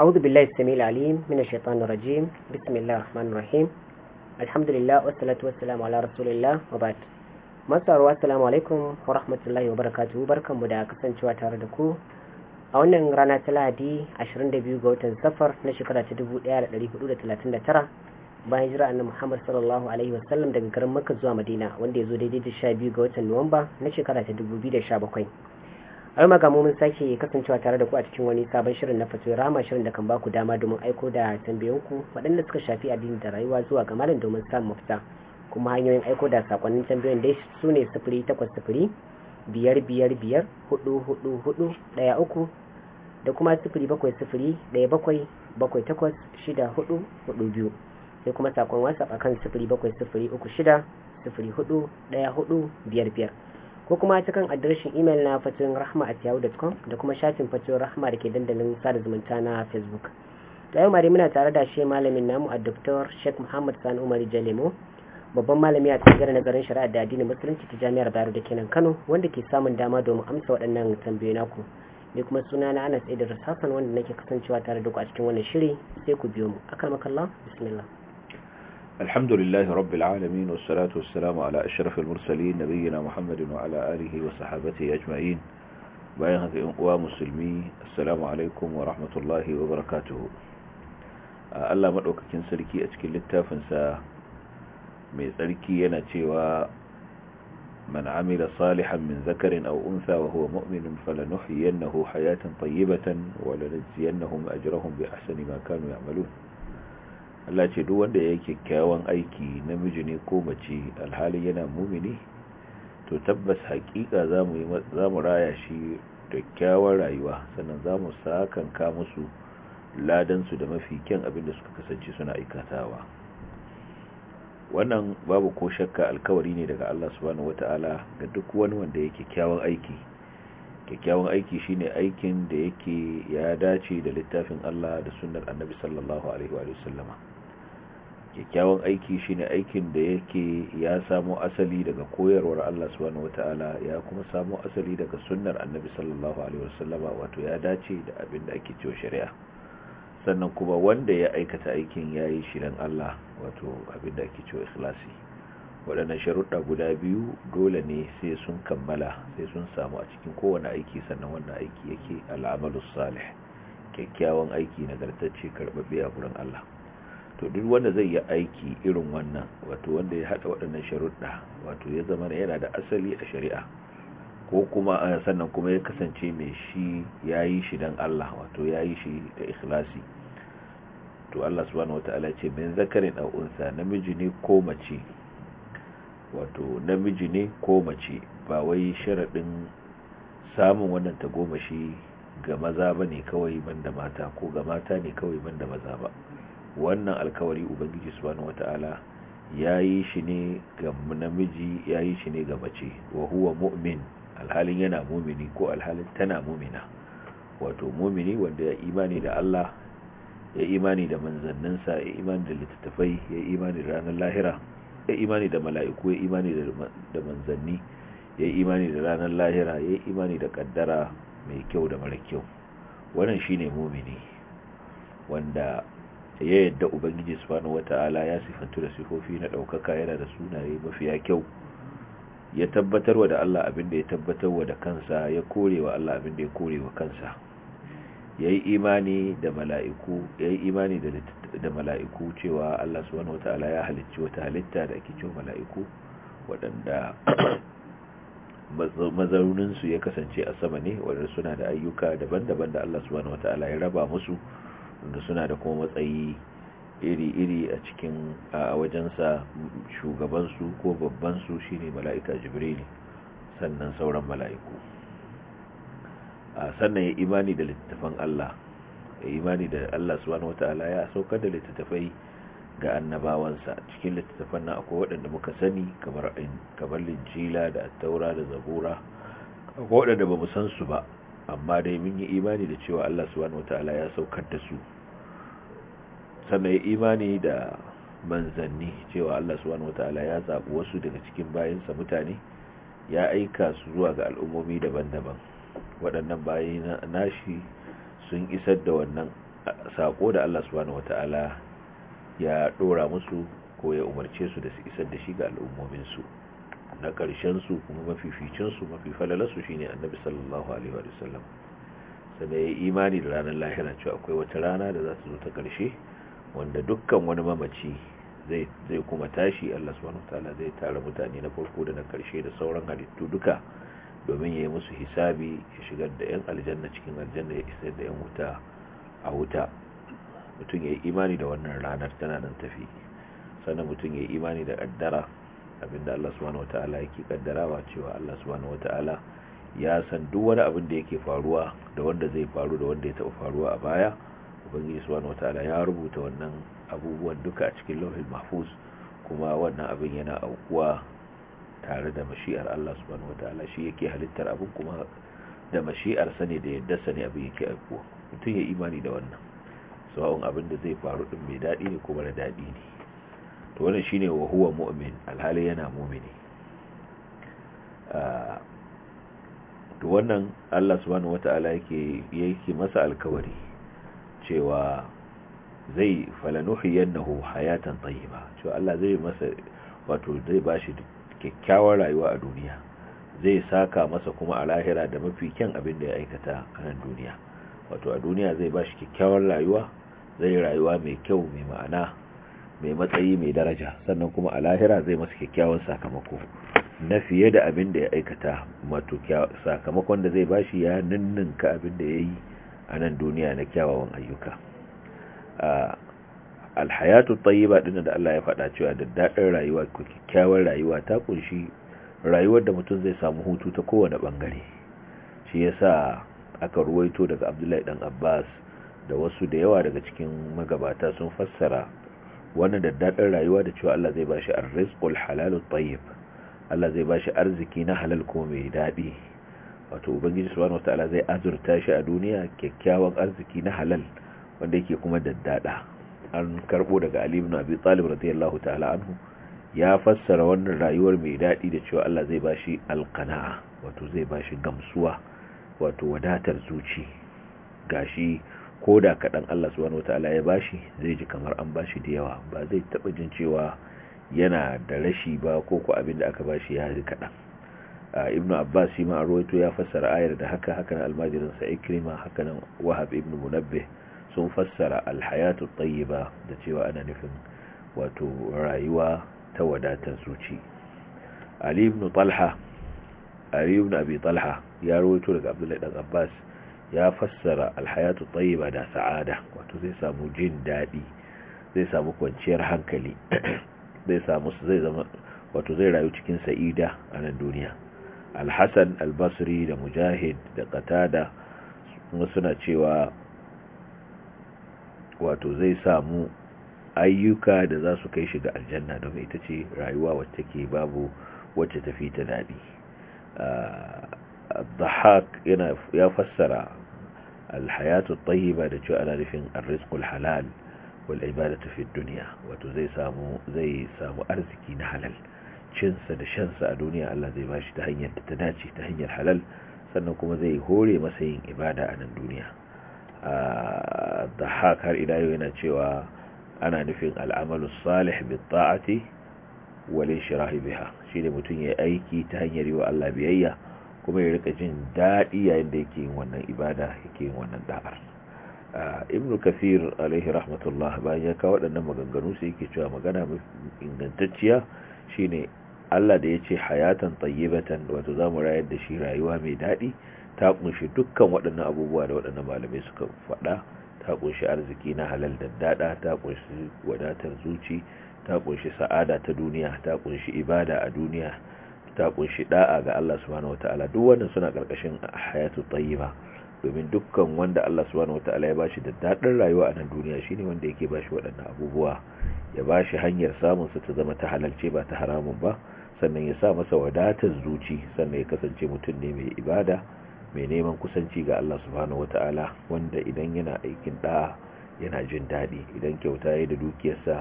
أعوذ بالله السميع العليم من الشيطان الرجيم بسم الله الرحمن الرحيم الحمد لله والصلاة والسلام kasancewa tare da ku a wannan rana ta lahadi 22 ga safar na shekara ta 1439 bayan jira annabi Muhammad sallallahu alaihi wasallam daga garin Makka zuwa Madina wanda ya zo daidai da 12 ga Nuwamba na shekara ta 2017 har ma mun sake kasancewa tare da ku a cikin wani sabon shirin na fatoyi rama shirin da kan ba ku dama domin aiko da ku waɗanda suka shafi addini da rayuwa zuwa ga malam domin samun mafita kuma hanyoyin aiko da sakonnin tambayoyin dai su ne sifiri takwas sifiri biyar biyar biyar hudu hudu hudu ɗaya uku da kuma sifiri bakwai sifiri ɗaya bakwai bakwai takwas shida hudu hudu biyu sai kuma sakon whatsapp akan sifiri bakwai sifiri uku shida sifiri hudu ɗaya hudu biyar biyar ko kuma ta kan adireshin imel na fatoyin rahama at yahoo.com da kuma shafin fatoyin rahama da ke dandalin sada zumunta na facebook da yau mari muna tare da shi malamin namu a dr sheikh muhammad sani umar jalemo babban malami a na garin shari'a da addinin musulunci ta jami'ar bayero da kenan kano wanda ke samun dama domin amsa waɗannan tambayoyi naku ni kuma suna na anas idris hassan wanda nake kasancewa tare da ku a cikin wannan shiri sai ku biyo mu akan makalla bismillah الحمد لله رب العالمين والصلاة والسلام على أشرف المرسلين نبينا محمد وعلى آله وصحابته أجمعين ومسلمي السلام عليكم ورحمة الله وبركاته ألا مدعوك كنسلكي أتكي للتافنسا ميزلكي ينتوى من عمل صالحا من ذكر أو أنثى وهو مؤمن فلنحيينه حياة طيبة ولنجزينهم أجرهم بأحسن ما كانوا يعملون Allah ce duk wanda ya kyakkyawan aiki namiji ne ko mace alhali yana mumini to tabbas hakika za mu raya shi kyakkyawar rayuwa sannan za mu sakanka musu ladansu da mafi kyan abin da suka kasance suna aikatawa wannan babu ko shakka alkawari ne daga Allah subhanahu wata'ala ga duk wani wanda yake kyakkyawan aiki kyakkyawan aiki shine aikin da yake ya dace da littafin Allah da sunnar Annabi sallallahu alaihi wa sallama kyakkyawan aiki shine aikin da yake ya samo asali daga koyarwar Allah subhanahu wataala ya kuma samo asali daga sunnar annabi sallallahu alaihi wasallama wato ya dace da abin da ake cewa shari'a sannan kuma wanda ya aikata aikin yayi shirin Allah wato abin da ake cewa ikhlasi waɗannan sharuɗa guda biyu dole ne sai sun kammala sai sun samu a cikin kowane aiki sannan wannan aiki yake al'amalu salih kyakkyawan aiki nagartacce karɓaɓɓe a gurin Allah to duk wanda zai yi aiki irin wannan wato wanda ya hada waɗannan sharuɗa wato ya zama yana da asali a shari'a ko kuma eh, sannan kuma ya kasance mai shi ya yi shi don Allah wato ya yi shi da ikhlasi to Allah subhanahu wata'ala ce min zakarin aw namiji ne ko mace wato namiji ne ko mace ba wai sharaɗin samun wannan tagomashi ga maza ba ne kawai banda mata ko ga mata ne kawai banda maza ba wannan alkawari ubangiji subhanahu wataala yayi shi ne ga namiji yayi shi ne ga mace wa huwa mu'min alhalin yana mumini ko alhalin tana mumina wato mumini wanda ya imani da Allah ya imani da manzanninsa ya imani da littattafai ya imani da ranar lahira ya imani da mala'iku ya imani da manzanni ya imani da ranar lahira ya imani da kaddara mai kyau da mara kyau wannan shine mumini wanda ya yadda ubangiji subhanahu wata'ala ya sifantu da sifofi na daukaka yana da sunaye mafiya kyau ya tabbatarwa da Allah abin da ya tabbatarwa da kansa ya korewa Allah abin da ya korewa kansa yayi imani da mala'iku yayi imani da da mala'iku cewa Allah subhanahu wata'ala ya halicci wata halitta da ake cewa mala'iku wadanda mazaruninsu ya kasance a sama ne wadanda suna da ayyuka daban-daban da Allah subhanahu wata'ala ya raba musu da suna da kuma matsayi iri-iri a cikin a wajensa shugabansu ko babbansu shine mala'ika jibril sannan sauran mala'iku sannan ya imani da littattafan Allah ya imani da Allah subhanahu wataala ya saukar da littattafai ga annabawansa cikin littattafan nan akwai waɗanda muka sani kamar linjila da attaura da zabura akwai waɗanda ba mu san su ba amma dai mun yi imani da cewa Allah subhanahu wataala ya saukar da su sannan ya imani da manzanni cewa Allah wataala ya zaɓi wasu daga cikin bayansa mutane ya aika su zuwa ga al'ummomi daban-daban waɗannan bayi nashi sun isar da wannan saƙo da Allah wataala ya ɗora musu ko ya umarce su da su isar da shi ga al'ummominsu na su kuma mafificinsu mafi falalarsu shi ne annabi sallallahu alaihi wa sallam sannan ya imani da ranar lahira cewa akwai wata rana da za ta zo ta ƙarshe wanda dukkan wani mamaci zai kuma tashi Allah subhanahu wataala zai tara mutane na farko da na karshe da sauran halittu duka domin ya yi musu hisabi ya shigar da yan aljanna cikin aljanna ya isar da yan wuta a wuta mutum ya yi imani da wannan ranar tana nan tafi sannan mutum ya yi imani da kaddara abinda Allah subhanahu wataala yake kaddarawa cewa Allah subhanahu wataala ya san duk wani abin da yake faruwa da wanda zai faru da wanda ya taɓa faruwa a baya ubangiji subhanahu wataala ya rubuta wannan abubuwan duka a cikin lauhin mahfuz kuma wannan abin yana aukuwa tare da mashi'ar Allah subhanahu wataala shi yake halittar abin kuma da mashi'ar sani ne da yadda sani abin yake aukuwa mutum ya imani da wannan sawa'un abin da zai faru din mai daɗi ne kuma da daɗi ne to wannan shine wa huwa mu'min alhali yana mu'mini to wannan Allah subhanahu wataala yake yake masa alkawari cewa zai yannahu hayatan tayyiba cewa Allah zai masa wato zai bashi kyakkyawar rayuwa a duniya zai saka masa kuma a lahira da mafi kyan abin da ya aikata a nan duniya wato a duniya zai bashi kyakkyawar rayuwa zai rayuwa mai kyau mai ma'ana mai matsayi mai daraja sannan kuma a lahira zai masa kyakkyawan sakamako na fiye da abin da ya aikata wato sakamakon da zai bashi ya ninninka abin da ya yi a nan duniya na kyawawan ayyuka alhayatu tayyiba din da Allah ya faɗa cewa da dadin rayuwa ko kyakkyawar rayuwa ta kunshi rayuwar da mutum zai samu hutu ta kowane bangare shi yasa aka ruwaito daga Abdullahi dan Abbas da wasu da yawa daga cikin magabata sun fassara wannan dadin rayuwa da cewa Allah zai bashi arrizqul halalut tayyib Allah zai bashi arziki na halal kuma mai daɗi. wato ubangiji subhanahu wataala zai azurta shi a duniya kyakkyawan arziki na halal wanda yake kuma daddada an karbo daga Ali ibn Abi Talib radiyallahu ta'ala anhu ya fassara wannan rayuwar mai dadi da cewa Allah zai bashi alqana'a wato zai bashi gamsuwa wato wadatar zuci gashi da kadan Allah subhanahu wataala ya bashi zai ji kamar an bashi da yawa ba zai taba jin cewa yana da rashi ba ko ko abin da aka bashi ya ri kadan ibn abbas shi ma rawaito ya fassara ayar da haka haka nan almajirin sa ikrima haka nan wahab ibn munabbih sun fassara alhayatu tayyiba da cewa ana nufin wato rayuwa ta wadatar zuci ali ibn talha ali ibn abi talha ya rawaito daga abdullahi dan abbas ya fassara alhayatu tayyiba da sa'ada wato zai samu jin dadi zai samu kwanciyar hankali zai samu zai zama wato zai rayu cikin sa'ida a nan duniya alhassan albasri da mujahid da katada suna cewa wato zai samu ayyuka da za su kai shi ga aljanna domin ita ce rayuwa wacce ke babu wacce tafi ta daɗi dhahak yana ya fassara alhayatu tayyiba da cewa ana nufin arrizqul halal wal ibadatu fid duniya wato zai samu arziki na halal cinsa da shansa a duniya Allah zai bashi ta hanyar da ta dace ta hanyar halal sannan kuma zai hore masa yin ibada a nan duniya da hakar idayo yana cewa ana nufin al'amalu salih bi ta'ati walin shirahi biha shi ne mutum ya aiki ta hanyar yiwa Allah biyayya kuma ya rika jin daɗi yayin da yake yin wannan ibada yake yin wannan da'ar ibn kafir alaihi rahmatullah bayan ya kawo waɗannan maganganu sai yake cewa magana ingantacciya shine Allah da ya ce hayatan tayyibatan wato za mu rayar da shi rayuwa mai daɗi ta kunshi dukkan waɗannan abubuwa da waɗannan malamai suka faɗa ta kunshi arziki na halal da dada ta kunshi wadatar zuci ta kunshi sa'ada ta duniya ta kunshi ibada a duniya ta kunshi da'a ga Allah subhanahu wataala duk wannan suna karkashin hayatu tayyiba domin dukkan wanda Allah subhanahu wataala ya bashi da dadin rayuwa a nan duniya shine wanda yake bashi waɗannan abubuwa ya bashi hanyar samun su ta zama ta halalce ba ta haramun ba sannan ya sa masa wadatar zuci sannan ya kasance mutum ne mai ibada mai neman kusanci ga Allah subhanahu wata'ala wanda idan yana aikin ɗa'a, yana jin daɗi idan kyauta ya da dukiyarsa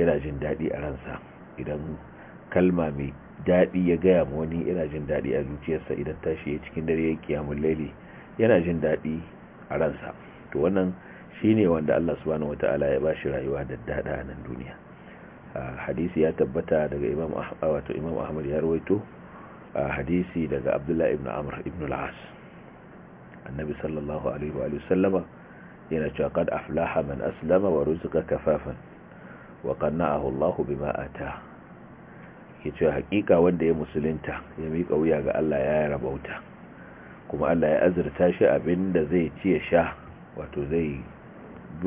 yana jin daɗi a ransa idan kalma mai daɗi ya gaya ma wani yana jin daɗi a zuciyarsa idan tashi ya cikin dare ya kiyamun laili yana jin daɗi a ransa to wannan shine wanda Allah subhanahu wata'ala ya bashi rayuwa da daɗa a nan duniya hadisi ya tabbata daga imam wato imam ahmad ya rawaito hadisi daga abdullah ibn amr ibn al-as annabi sallallahu alaihi wa sallama yana cewa qad aflaha man aslama wa ruzqa kafafan wa qanna'ahu Allah bima ata yace hakika wanda ya musulunta ya miƙa wuya ga Allah ya rabauta kuma Allah ya azurta shi abinda zai ci ya sha wato zai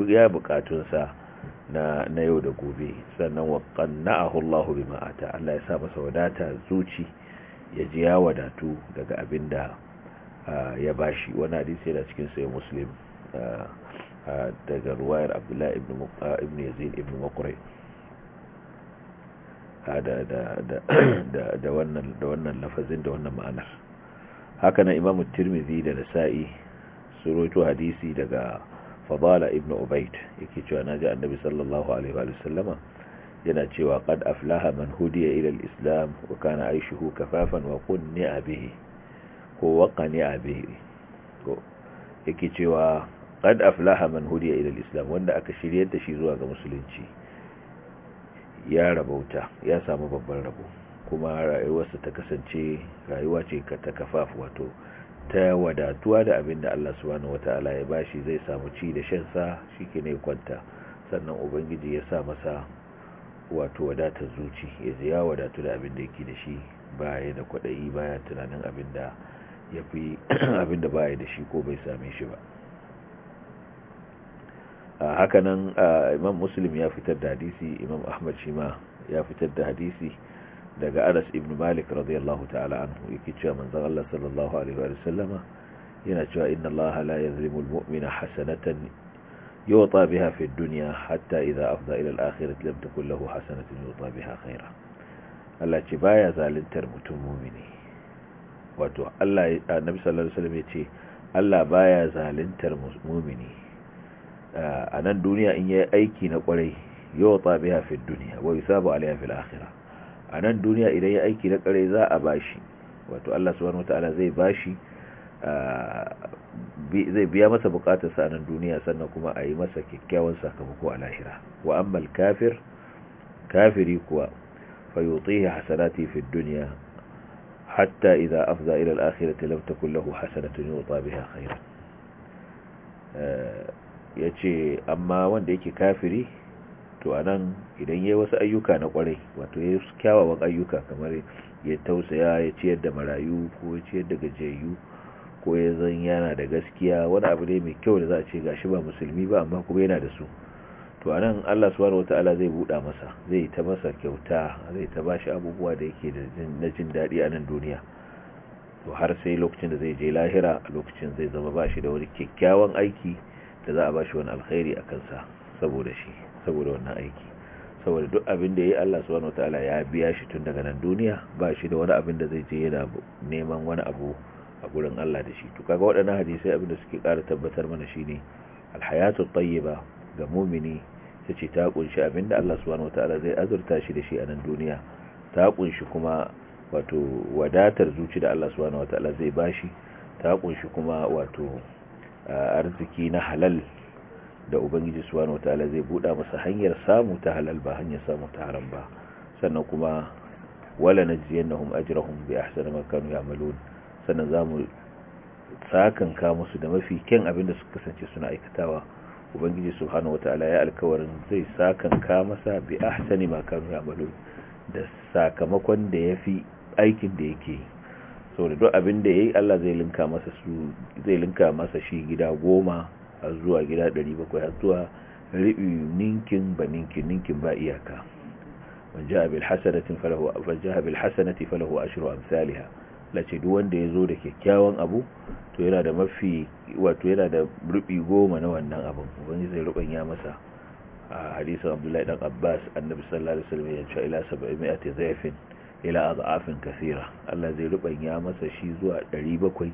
ya sa. na yau da gobe sannan wa qanna'ahu Allahu bima ata Allah ya sa masa wadata zuci ya ji ya wadatu daga abinda ya bashi wani hadisi yana cikin sayi muslim daga ruwayar abdullahi ibn yazid ibn makurai da wannan lafazin da wannan ma'anar haka na imamu tirmidhi da nasa'i su hadisi daga fadala ibn ubaid yake cewa naji annabi sallallahu alaihi wa sallama yana cewa qad aflaha man hudiya ila al-islam wa kana aishuhu kafafan wa qunni'a bihi ko bihi ko yake cewa qad aflaha man hudiya ila al-islam wanda aka shiryar da shi zuwa ga musulunci ya rabauta ya samu babban rabo kuma rayuwarsa ta kasance rayuwa ce ta kafafu wato ta wadatuwa da abin da Allah subhanahu wata'ala ya bashi zai samu ci da shan sa shike ne kwanta sannan ubangiji ya sa masa wato wadatar zuci ya ya wadatu da abin da yake da shi baya da kwadayi baya tunanin abin da ya fi abin da baya da shi ko bai same shi ba a hakanan imam muslim ya fitar da hadisi imam ahmad shima ya fitar da hadisi daga anas ibn malik radiyallahu ta'ala anhu yake cewa manzon Allah sallallahu alaihi wa sallama yana cewa inna Allah la yazlimu al-mu'mina hasanatan yuta biha fi ad-dunya hatta idha afda ila al-akhirati lam takun lahu hasanatan yuta biha khaira Allah ce baya zaluntar mutum mu'mini wato Allah annabi sallallahu alaihi wasallam yace Allah baya zaluntar mu'mini a nan duniya in yayi aiki na kwarai yuta biha fi ad-dunya wa yusabu alaiha fil akhirah a nan duniya idan ya aiki na kare za a bashi wato Allah subhanahu wataala zai bashi zai biya masa bukatarsa a nan duniya sannan kuma a yi masa kyakkyawan sakamako a lahira wa ammal kafir kafiri kuwa fa yutihi hasanati fi dunya hatta idza afza ila al-akhirati lam takul lahu hasanatun yuta biha khairan eh, yace amma wanda yake kafiri to a nan idan ya wasu ayyuka na kwarai wato ya su kyawawan ayyuka kamar ya tausaya ya ciyar da marayu ko ya ciyar da gajiyayyu ko ya zan yana da gaskiya wani abu ne mai kyau da za a ce shi ba musulmi ba amma kuma yana da su to a nan Allah wata ala zai buɗa masa zai ta masa kyauta zai ta ba shi abubuwa da yake na jin daɗi a nan duniya to har sai lokacin da zai je lahira lokacin zai zama ba shi da wani kyakkyawan aiki da za a ba shi wani alkhairi a kansa saboda shi saboda wannan aiki saboda duk abin da ya yi Allah subhanahu wataala ya biya shi tun daga nan duniya ba shi da wani abin da zai je yana neman wani abu a gurin Allah da shi to kaga waɗannan hadisai abin da suke ƙara tabbatar mana shi ne, alhayatu tayyiba ga mumini tace ta kunshi abin da Allah subhanahu wataala zai azurta shi da shi a nan duniya ta kunshi kuma wato wadatar zuci da Allah subhanahu wataala zai bashi ta kunshi kuma wato arziki na halal da ubangiji subhanahu wataala zai buɗa masa hanyar samu ta halal ba hanyar samu ta haram ba sannan kuma wala najziyannahum ajrahum bi ahsani ma kanu ya'malun sannan zamu sakan ka musu da mafi kyan abin da suka kasance suna aikatawa ubangiji subhanahu wataala ya alkawarin zai sakan ka masa bi ahsani ma kanu ya'malun da sakamakon da yafi aikin da yake saboda duk abin da yayi Allah zai linka masa su zai linka masa shi gida goma har zuwa gida 700 har zuwa ribi ninkin ba ninkin ninkin ba iyaka man ja bil hasanatin falahu faja'a bil hasanati falahu ashru amsalha lace duk wanda yazo da kyakkyawan abu to yana da mafi wato yana da rubi goma na wannan abu ubangi zai ruban ya masa a hadisi Abdullahi dan Abbas annabi sallallahu alaihi wasallam ya ce ila 700 zayfin ila azafin kaseera Allah zai ya masa shi zuwa 700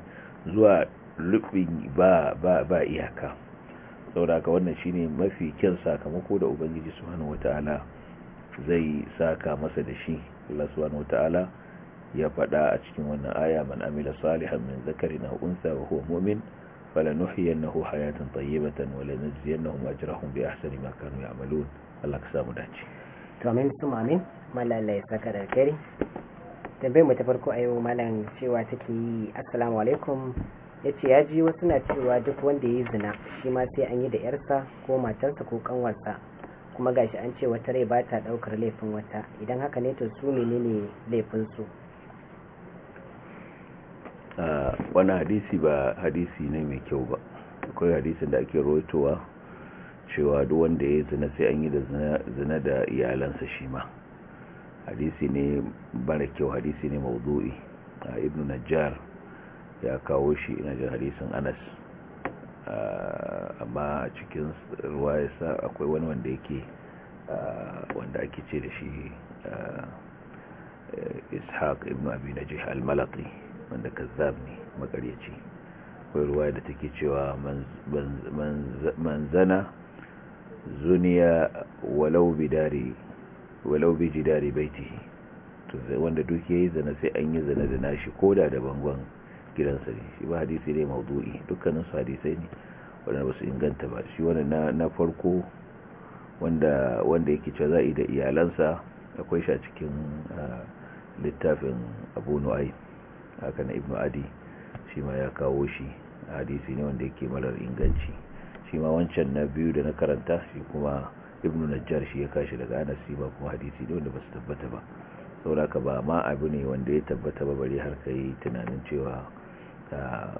zuwa lubin ba ba ba iyaka saboda ka wannan shine mafi kyan sakamako da ubangiji subhanahu wataala zai saka masa da shi Allah subhanahu wataala ya fada a cikin wannan aya man amila salihan min zakarin aw unsa wa huwa mu'min falanuhyiyannahu hayatan tayyibatan wa lanajziyannahum ajrahum bi ahsani ma kanu ya'malun Allah ka samu dace to amin kuma malalai saka da kare mu ta farko a yau malam cewa take yi assalamu alaikum ya ce ya ji wasu na cewa duk wanda ya yi zina shi ma sai an yi da yarsa ko matarsa ko kanwarsa kuma gashi an ce wata rai ba ta daukar laifin wata idan haka ne to su ne laifin su wani hadisi ba hadisi ne mai kyau ba akwai hadisin da ake rawaitowa cewa duk wanda ya zina sai an yi da zina da iyalansa shi ma hadisi ne mara kyau hadisi ne mawdu'i ibnu najjar ya kawo shi ina jin hadisin anas ah, amma a cikin ruwa ya sa akwai wani wanda yake ah, wanda ake ce da shi ah, eh, ishaq ibn abi najih al wanda kazzab ne makaryaci akwai ruwa da take cewa manzana zuniya walau bidari walau bi jidari baitihi to wanda duk yayi zana sai an yi zana da nashi koda da bangon gidansa ne shi ba hadisi ne maudu'i dukkanin su hadisai ne wadanda ba su inganta ba shi wani na farko wanda wanda yake cewa za'i da iyalansa akwai shi a cikin littafin abu nu'ai haka na ibnu adi shi ma ya kawo shi hadisi ne wanda yake marar inganci shi ma wancan na biyu da na karanta shi kuma ibnu najjar shi ya kashi daga ana shi ma kuma hadisi ne wanda ba su tabbata ba sauraka ba ma abu ne wanda ya tabbata ba bari har kai tunanin cewa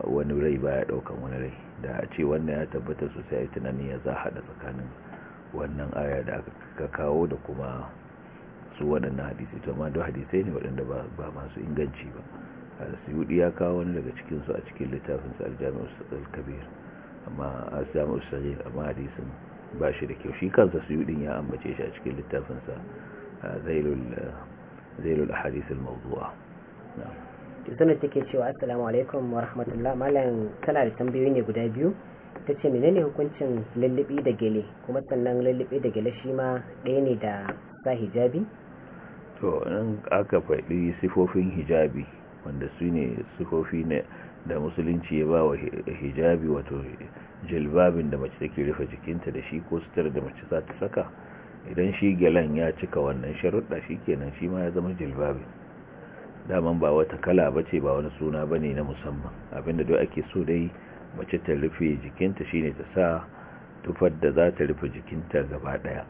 wani rai baya daukan wani rai da a ce wannan ya tabbata sosai a tunanin ya za haɗa tsakanin wannan aya da aka kawo da kuma su waɗannan hadisai to amma da hadisai ne waɗanda ba masu inganci ba al-suyudi ya kawo wani daga cikinsu a cikin littafin su al al-kabir amma al-jami'u amma hadisin ba shi da kyau shi kansa suyudin ya ambace shi a cikin littafin sa zailul zailul ahadith mawdua izana take cewa assalamu alaikum wa rahmatullah malam tana da tambayoyi ne guda biyu ta ce menene hukuncin lullubi da gele kuma sannan lullubi da gele shi ma ɗaya ne da sa hijabi to nan aka faɗi sifofin hijabi wanda su ne sifofi ne da musulunci ya ba wa hijabi wato jilbabin da mace take rufe jikinta da shi ko sutar da mace za ta saka idan shi gelen ya cika wannan sharuɗa shi kenan shi ma ya zama jilbabin daman ba wata kala ba ce ba wani suna ba ne na musamman abinda duk ake so dai mace ta rufe jikinta shine ta sa tufar da za ta rufe jikinta gaba daya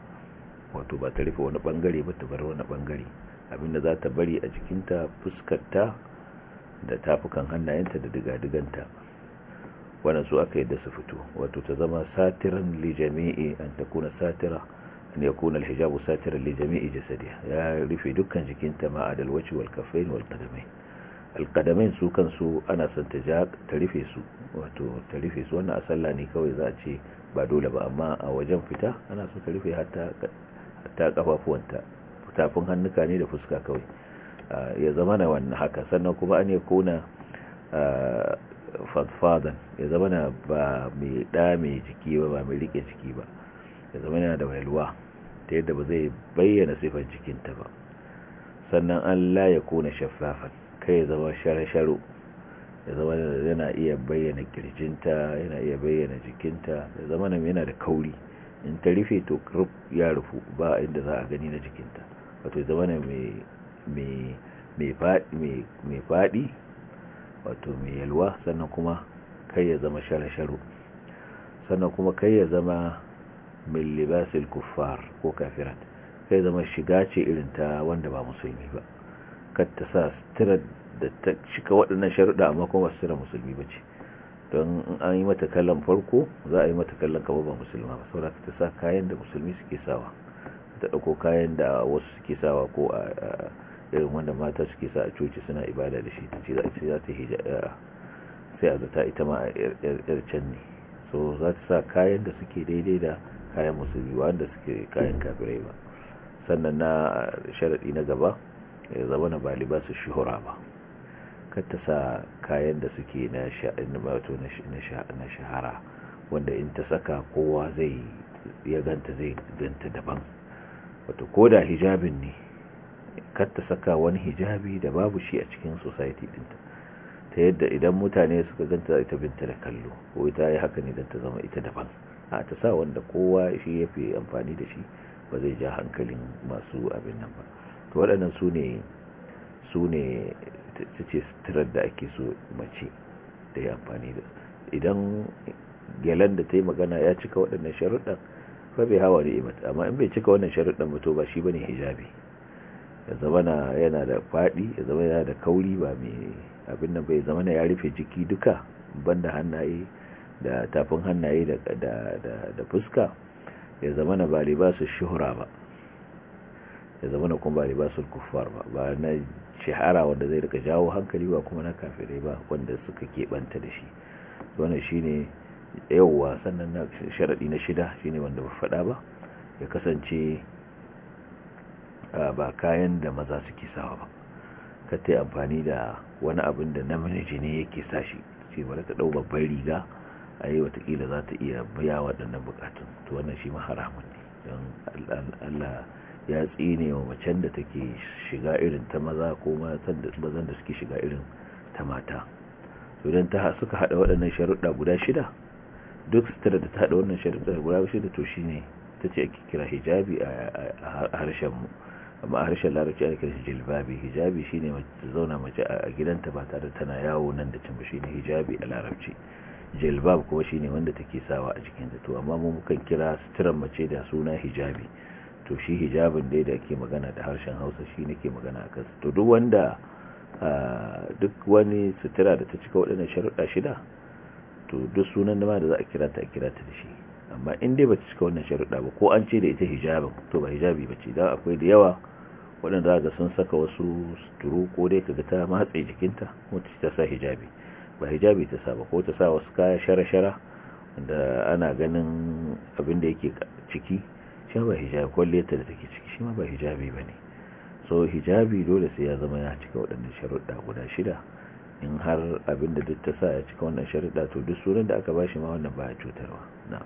wato ba ta rufe wani bangare ba ta bar wani bangare abinda za ta bari a jikinta fuskarta da tafukan hannayenta da digadiganta wannan su aka da su fito wato ta zama satiran lijami'i an ta kuna satira an yakuna alhijabu satiran li jami'i jasadiha ya rufe dukkan jikinta ma adal wajhi wal kaffayn al qadamayn su kansu ana son ta rufe su wato ta rufe su wannan a ne kawai za a ce ba dole ba amma a wajen fita ana so ta rufe hatta kafafuwanta tafin hannuka ne da fuska kawai ya zama na wannan haka sannan kuma an yakuna fadfadan ya zama na ba mai ɗa mai jiki ba ba mai rike jiki ba ya zama yana da walwa ta yadda ba zai bayyana sifar jikinta ba sannan Allah ya kona shafafa kai zama zama sharo ya zama yana iya bayyana kirjinta yana iya bayyana jikinta ya zama nan yana da kauri in ta rufe to ya rufu ba inda za a gani na jikinta wato ya zama nan mai faɗi wato mai yalwa sannan kuma kai ya zama sharo sannan kuma kai ya zama min libasil kuffar ko kafirat sai zama shiga ce irin ta wanda ba musulmi ba kar ta sa sutura da ta cika waɗannan sharuɗa amma kuma ba sutura musulmi ba ce don an yi mata kallon farko za a yi mata kallon kama ba musulma ba saboda ta sa kayan da musulmi suke sawa ta ɗauko kayan da wasu suke sawa ko a irin wanda mata suke sa a coci suna ibada da shi ta ce za ta hija sai a zata ita ma a yar can ne so za ta sa kayan da suke daidai da kayan musulmi wanda suke kayan kafirai ba sannan na sharaɗi na gaba ya zama na baliba su shuhura ba ta sa kayan da suke na shahara wanda in ta saka kowa zai ya ganta zai ganta daban wato ko da hijabin ne ta saka wani hijabi da babu shi a cikin society dinta ta yadda idan mutane suka ganta ita binta da kallo ko ita yi haka ne don ta zama ita daban a ta sa wanda kowa shi ya fi amfani da shi ba zai ja hankalin masu abin nan ba to waɗannan su ne su ne ta ce sitirar da ake so mace da ya amfani da idan gyalan da ta yi magana ya cika waɗannan sharuɗan ba bai hawa da imata amma in bai cika wannan sharuɗan ba to ba shi bane hijabi ya zamana yana da faɗi ya zama yana da kauri ba mai abin nan bai zamana ya rufe jiki duka banda hannaye da tafin hannaye da fuska ya zama na ba su shuhura ba ya zama na kuma ba su kuffar ba ba na shahara wanda zai rika jawo hankali ba kuma na kafirai ba wanda suka keɓanta da shi wannan shine yawwa sannan na sharadi na shida shine wanda ba faɗa ba ya kasance ba kayan da maza suke sawa ba ka ta amfani da wani abin da namiji ne yake sa shi ce ba ta ɗau babban riga a yi watakila za ta iya biya waɗannan bukatun to wannan shi ma ne don allah ya tsine wa macen da take shiga irin ta maza ko mazan da suke shiga irin ta mata to don ta suka haɗa waɗannan sharuɗa guda shida duk sutura da ta haɗa wannan sharuɗa guda shida to shi ne ta ce ake kira hijabi a harshen mu amma a harshen larabci ake kira jilbabi hijabi shine mace zauna mace a gidanta ba tare tana yawo nan da cin ba shine hijabi a larabci jilbab kuma shine wanda take sawa a cikin to amma mu mukan kira suturan mace da suna hijabi to shi hijabin dai da ake magana da harshen Hausa shi nake magana akan to duk wanda duk wani sutura da ta cika waɗannan sharuɗa shida to duk sunan da ma da za a kira ta a kira ta da shi amma in dai ba ta cika wannan sharuɗa ba ko an ce da ita hijabin to ba hijabi ba ce dan akwai da yawa waɗanda za ga sun saka wasu suturu ko dai ka ga ta matse jikinta ko ta sa hijabi ba hijabi ta sa ba ko ta sa wasu kaya shara-shara da ana ganin abin da yake ciki shi ba hijabi kwalliyarta da take ciki shi ma ba hijabi ba ne so hijabi dole sai ya zama ya cika waɗannan sharuɗa guda shida in har abin da duk ta sa ya cika wannan sharuɗa to duk sunan da aka ba shi ma wannan ba cutarwa na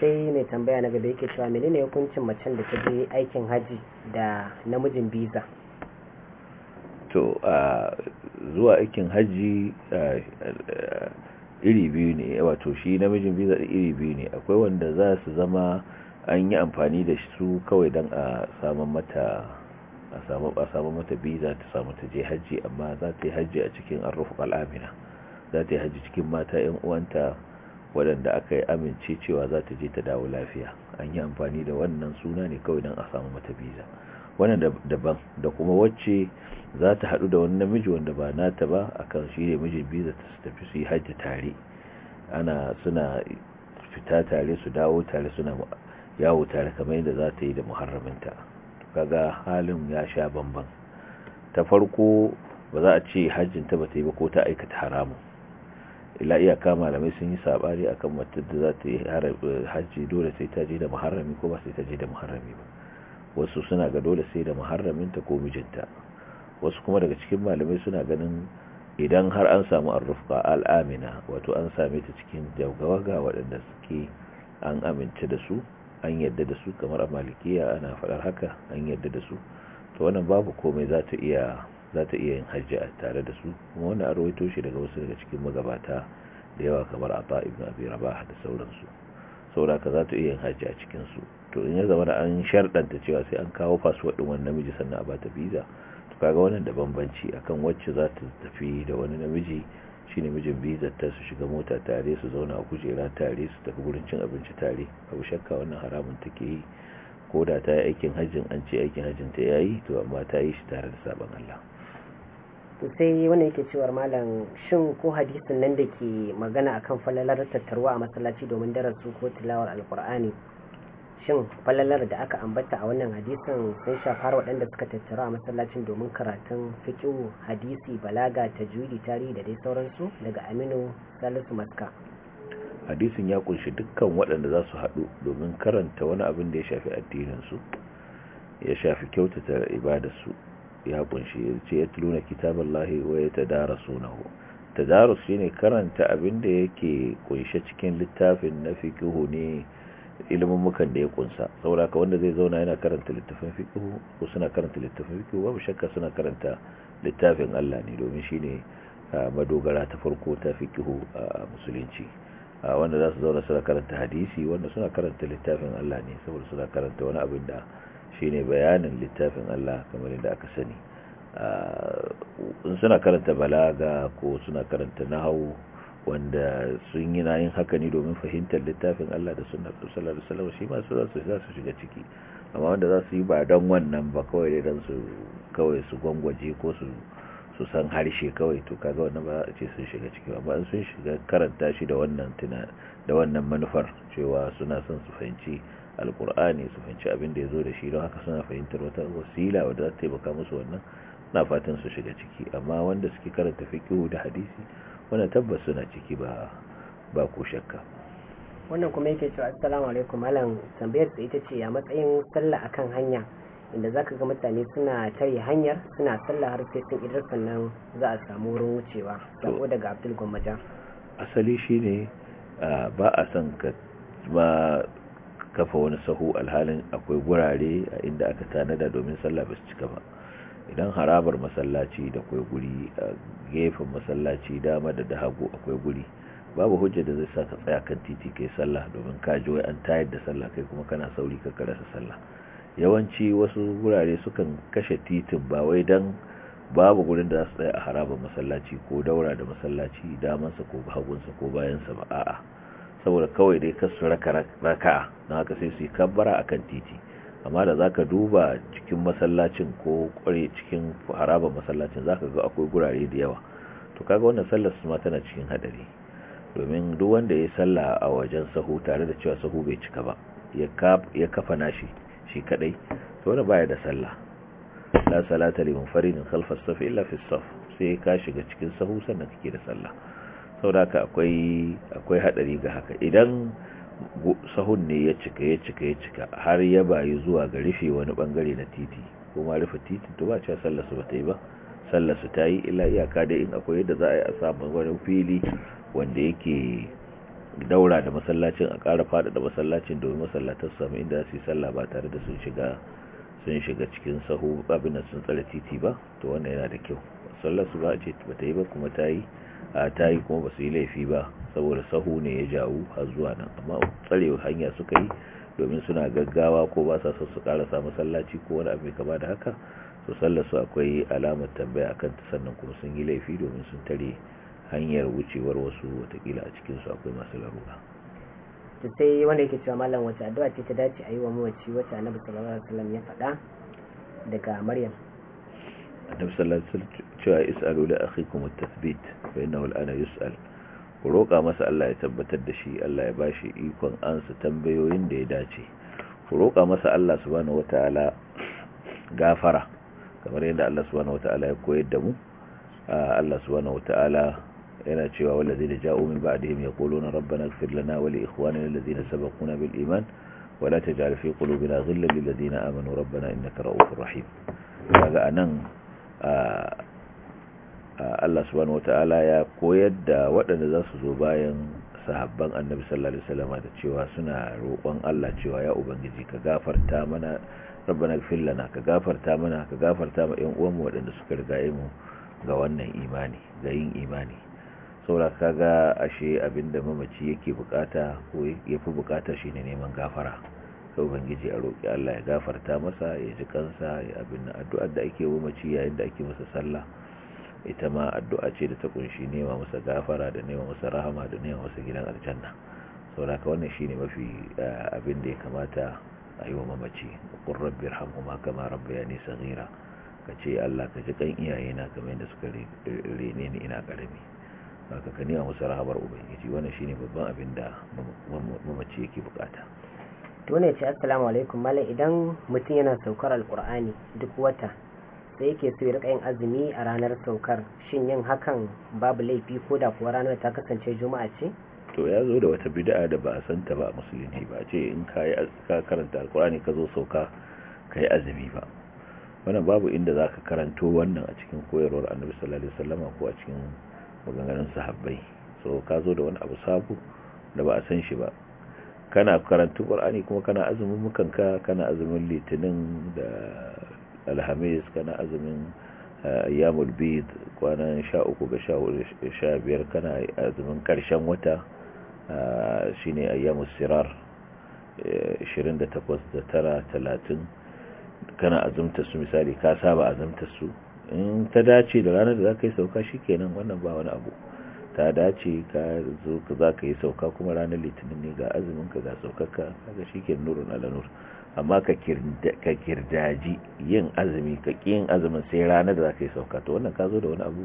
sai mai tambaya na gaba yake cewa menene hukuncin macen da ta je aikin hajji da namijin biza to zuwa aikin hajji iri biyu ne wato shi namijin biza da iri biyu ne akwai wanda za su zama an yi amfani da su kawai don a samun mata a samun mata biza ta samu ta je hajji amma za ta yi hajji a cikin arrufu al'amina za ta yi hajji cikin mata 'yan uwanta waɗanda aka yi amince cewa za ta je ta dawo lafiya an yi amfani da wannan suna ne kawai don a samu mata biza wannan daban da kuma wacce za ta haɗu da wani namiji wanda ba nata ba kan shi ne mijin biyu da ta tafi su yi hajji tare ana suna fita tare su dawo tare suna yawo tare kamar yadda za ta yi da muharraminta kaga halin ya sha bamban ta farko ba za a ce hajjinta ba ta yi ba ko ta aikata haramun ila iyaka malamai sun yi sabari akan matar da za ta yi eh, hajji dole sai ta je da muharrami ko ba sai ta je da muharrami ba wasu suna ga dole sai da muharraminta ko mijinta wasu kuma daga cikin malamai suna ganin idan har an samu arrufka al'amina wato an same ta cikin ga waɗanda suke an amince da su an yadda da su kamar a malikiya ana faɗar haka an yadda da su ta wannan babu komai za ta iya yin hajji a tare da su kuma wani arwaito rawaito shi daga wasu daga cikin magabata da yawa kamar ata ibn abi rabah da sauransu saboda ka za ta iya haji a cikinsu to in ya zama da an sharɗanta cewa sai an kawo fasuwar ɗin wani namiji sannan a bata biza to kaga wannan da bambanci akan wacce za ta tafi da wani namiji shi ne mijin biza ta su shiga mota tare su zauna a kujera tare su tafi gurin cin abinci tare abu shakka wannan haramun take yi ko da ta yi aikin hajjin an ce aikin hajjin ta yayi to amma ta yi shi tare da sabon Allah to sai wannan yake cewar malam shin ko hadisin nan da ke magana akan falalar tattaruwa a masallaci domin darasu ko tilawar alkur'ani shin falalar da aka ambata a wannan hadisin sun shafar waɗanda suka tattaru a masallacin domin karatun fikin hadisi balaga ta juyi tarihi da dai sauransu daga aminu salisu maska hadisin ya kunshi dukkan waɗanda za su haɗu domin karanta wani abin da ya shafi addininsu ya shafi kyautata ibadarsu ya kunshi ce ya tuluna kitaballahi wa yatadarasunahu tadarus shine karanta abin da yake kunshe cikin littafin na fiqhu ne ilmummukan da ya kunsa saboda ka wanda zai zauna yana karanta littafin fiqhu ko suna karanta littafin fiqhu babu shakka suna karanta littafin Allah ne domin shine madogara ta farko ta fiqhu a musulunci wanda za su zauna suna karanta hadisi wanda suna karanta littafin Allah ne saboda suna karanta wani abin da ne bayanin littafin Allah kamar yadda aka sani in suna karanta balaga ko suna karanta nahawu wanda sun yi nayin haka ne domin fahimtar littafin Allah da sunnar sallallahu alaihi wasallam shi ma su za su shiga ciki amma wanda za su yi ba don wannan ba kawai dai don su kawai su gwangwaje ko su su san harshe kawai to kaga wannan ba a ce sun shiga ciki amma in sun shiga karanta shi da wannan tuna da wannan manufar cewa suna son su fahimci alkur'ani su fahimci abin da ya zo da shi don haka suna fahimtar wata wasila wadda za ta taimaka musu wannan na fatan su shiga ciki amma wanda suke karanta fikihu da hadisi wannan tabbas suna ciki ba ba ko shakka wannan kuma yake cewa assalamu alaikum malam tambayar da ita ce a matsayin sallah akan hanya inda zaka ga mutane suna tare hanyar suna sallah har sai sun idar sannan za a samu wurin wucewa sako daga Abdul Gwammaja asali shine ba a son ka ba kafa wani sahu alhalin akwai gurare a inda aka tanada domin sallah ba su cika ba idan harabar masallaci da akwai guri a gefen masallaci dama da da hagu akwai guri babu hujja da zai sa ka tsaya kan titi kai sallah domin ka ji wai an tayar da sallah kai kuma kana sauri ka karasa sallah yawanci wasu gurare sukan kashe titin ba wai dan babu gurin da za su tsaya a harabar masallaci ko daura da masallaci damansa ko hagunsa ko bayansa ba a'a saboda kawai dai kasu raka raka'a don haka sai su yi kabbara kan titi amma da zaka duba cikin masallacin ko kware cikin haraba masallacin zaka ga akwai gurare da yawa to kaga wannan sallar su ma tana cikin hadari domin duk wanda ya sallah a wajen sahu tare da cewa sahu bai cika ba ya kafa nashi shi kadai to wani baya da sallah la salata liman faridin khalfa saf illa fi saf sai ka shiga cikin sahu sannan kake da sallah sauraka akwai akwai hadari ga haka idan sahun ne ya cika ya cika ya cika har ya bayi zuwa ga rufe wani bangare na titi kuma rufe titi to ba cewa sallar su bata yi ba sallar ta yi illa iyaka da in akwai yadda za a yi a samu wani fili wanda yake daura da masallacin a ƙara faɗaɗa masallacin domin masallatar samu inda su yi sallah ba tare da sun shiga sun shiga cikin sahu abin sun tsare titi ba to wannan yana da kyau sallar su ba a ce ba ta yi ba kuma ta yi ta yi kuma ba su yi laifi ba saboda sahu ne ya jawo har zuwa nan amma tsarewa hanya suka yi domin suna gaggawa ko ba sa son su karasa masallaci ko wani abu kama da haka su sallasu akwai alamar tambaya akan sannan kuma sun yi laifi domin sun tare hanyar wucewar wasu watakila a cikinsu akwai masu larura sai wanda yake cewa malam wace addu'a ce ta dace a yi wa mawaci wacce annabi sallallahu alaihi wasallam ya faɗa daga maryam annabi sallallahu alaihi wasallam cewa is'alu li akhikum at-tathbit fa innahu al-ana yus'al ku roƙa masa Allah ya tabbatar da shi Allah ya bashi ikon ansa tambayoyin da ya dace ku roƙa masa Allah subhanahu wataala gafara kamar yadda Allah subhanahu wataala ya koyar da mu Allah subhanahu wataala yana cewa wallazina ja'u min ba'dihim yaquluna rabbana ighfir lana wa li ikhwanina allazina sabaquna bil iman wa la taj'al fi qulubina ghillan lil ladzina amanu na innaka ra'ufur rahim Allah subhanahu wata'ala ya koyar da waɗanda za su zo bayan sahabban annabi sallallahu alaihi wasallam da cewa suna roƙon Allah cewa ya ubangiji ka gafarta mana rabbana ighfir lana ka gafarta mana ka gafarta ma ƴan uwanmu waɗanda suka riga mu ga wannan imani ga yin imani saboda kaga ashe abinda mamaci yake bukata ko yafi bukata shine neman gafara sai ubangiji a roƙi Allah ya gafarta masa ya ji kansa ya abin addu'ar da ake wa mace yayin da ake masa sallah ita ma addu'a ce da ta kunshi nema masa gafara da nema masa rahama da nema masa gidan aljanna ka wannan shine mafi eh, abin da ya kamata a yi wa mamaci qur rabbi irhamhuma kama rabbayani saghira kace Allah ka ji kan iyayena kamar yadda suka rene ni ina karami haka ka a masa rahamar ubangiji wannan shine babban abin da mamaci yake bukata to ne ce assalamu alaikum mallam idan mutum yana saukar alkur'ani duk wata sai yake so ya yin azumi a ranar saukar shin yin hakan babu laifi ko da kuwa ranar ta kasance juma'a ce to ya zo da wata bid'a da ba a san ta ba a musulunci ba ce in ka ka karanta alkur'ani ka zo sauka ka yi azumi ba wannan babu inda zaka karanto wannan a cikin koyarwar annabi sallallahu alaihi wasallama ko a cikin maganganun sahabbai so ka zo da wani abu sabu da ba a san shi ba kana karantu qur'ani kuma kana azumin mukanka kana azumin litinin da alhamis kana azumin eh, ayyamul bid kwanan uku ga biyar kana azumin karshen wata eh, shine ayyamus sirar 28 eh, da 30 kana azumta su misali ka saba azumta su in ta dace da ranar da za ka yi sauka shi kenan wannan ba wani abu ta dace ka zo ka za ka yi sauka kuma ranar litinin ne ga azumin ka ga saukaka kaga shi ke nurun ala nur amma ka kirdaji yin azumi ka yin azumin sai ranar da za ka yi sauka to wannan ka zo da wani abu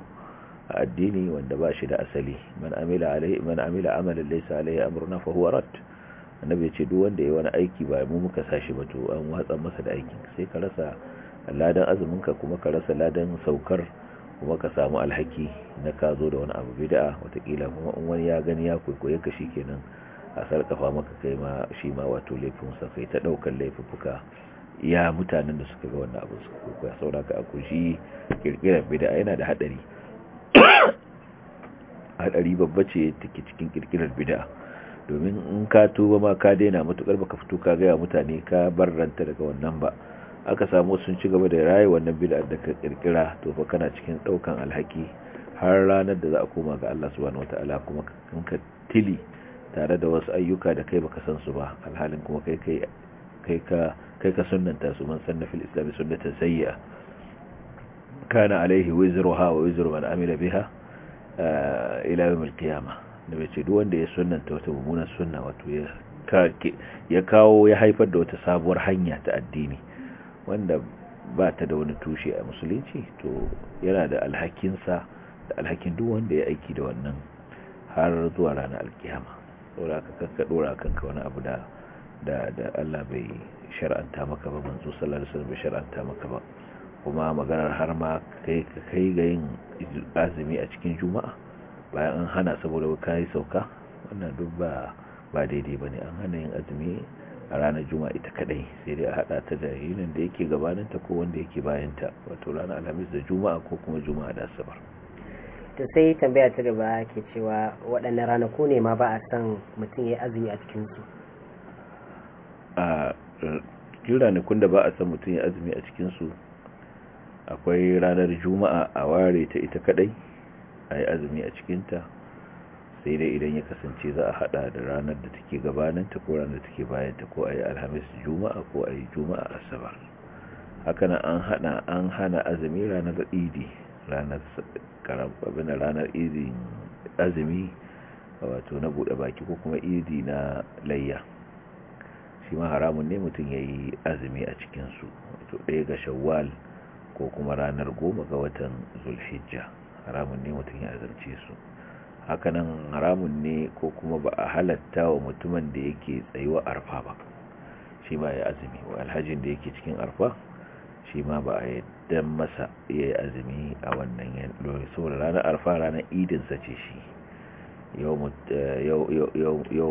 a addini wanda ba shi da asali man amila alai man amila amalan laysa alai amruna fa huwa rat annabi ya ce duk wanda ya wani aiki ba mu muka sashi ba to an watsa masa da aikin sai ka rasa ladan azumin ka kuma ka rasa ladan saukar kuma ka samu alhaki na ka zo da wani abu bid'a watakila kuma in wani ya gani ya kwaikwaye ka shikenan a sarkafa maka kai ma shi ma wato laifin sa kai ta daukar laifuka ya mutanen da suka ga wannan abu suka saboda ka a shi kirkirar bid'a yana da hadari hadari babba ce take cikin kirkirar bid'a domin in ka tuba ma ka daina matukar baka fito ka gaya mutane ka barranta daga wannan ba aka samu sun ci gaba da raye wannan bid'a da ka kirkira to fa kana cikin daukan alhaki har ranar da za a koma ga Allah subhanahu wataala kuma ka tili tare da wasu ayyuka da kai baka san su ba alhalin kuma kai kai kai ka kai ka sunnanta su man sanna fil islam sunnatan sayyi'a kana alaihi wizruha wa wizru man amila biha eh, ila yawm alqiyama nabi ce duk wanda ya sunnanta wata mummunar sunna wato ya ya kawo ya haifar da wata sabuwar hanya ta addini wanda ba ta da wani tushe a musulunci to yana da alhakinsa da alhakin duk wanda ya aiki da wannan har zuwa ranar alkiyama ka kanka dora kanka wani abu da da Allah bai shar'anta maka ba manzo sallallahu alaihi wasallam bai shar'anta maka ba kuma maganar har ma kai kai ga yin azumi a cikin juma'a bayan an hana saboda kai sauka wannan duk ba ba daidai bane an hana yin azumi a ranar juma'a ita kadai sai dai a hada ta da yinin da yake gabaninta ko wanda yake bayan ta wato ranar alhamis da juma'a ko kuma juma'a da asabar to sai tambaya ta gaba ke cewa waɗannan ranaku ne ma ba a san mutum ya azumi a cikin su a cikin ranakun da ba a san mutum ya azumi a cikin su akwai ranar juma'a a ware ta ita kadai a yi azumi a cikinta sai dai idan ya kasance za a hada da ranar da take gabaninta ko ranar da take bayanta ko a alhamis juma'a ko a yi juma'a asabar hakanan an hana an hana azumi ranar idi ranar ranar idin azumi wato na bude baki ko kuma idi na layya shi ma haramun ne mutum ya yi azumi a cikinsu wato ɗaya ga shawwal ko kuma ranar goma ga watan zulhijja haramun ne mutum ya azumce su hakanan haramun ne ko kuma ba a halatta wa mutumin da yake tsayuwa arfa ba shi ma ya azumi wa alhajin da yake cikin arfa shi ma ba a yadda masa ya yi azumi a wannan yanzu saboda ranar arfa ranar idinsa ce shi yau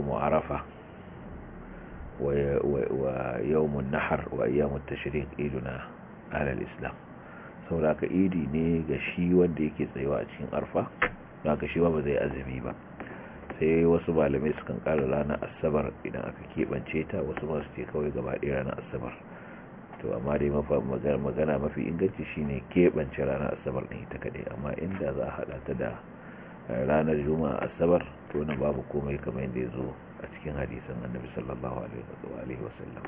mu arafa wa yau mu nahar wa iya mu shirin iduna alal islam saboda ka idi ne ga shi wanda yake tsayuwa a cikin arfa ba ka shi ba ba zai azumi ba sai wasu malamai su kan kara ranar asabar idan aka keɓance ta wasu masu ce kawai gaba ɗaya ranar asabar to amma dai magana magana mafi inganci shine keɓance ranar asabar ɗin ta kaɗai amma inda za a haɗa ta da eh, ranar juma'a asabar to nan babu komai kamar yadda ya zo a cikin hadisan annabi sallallahu alaihi wa sallam.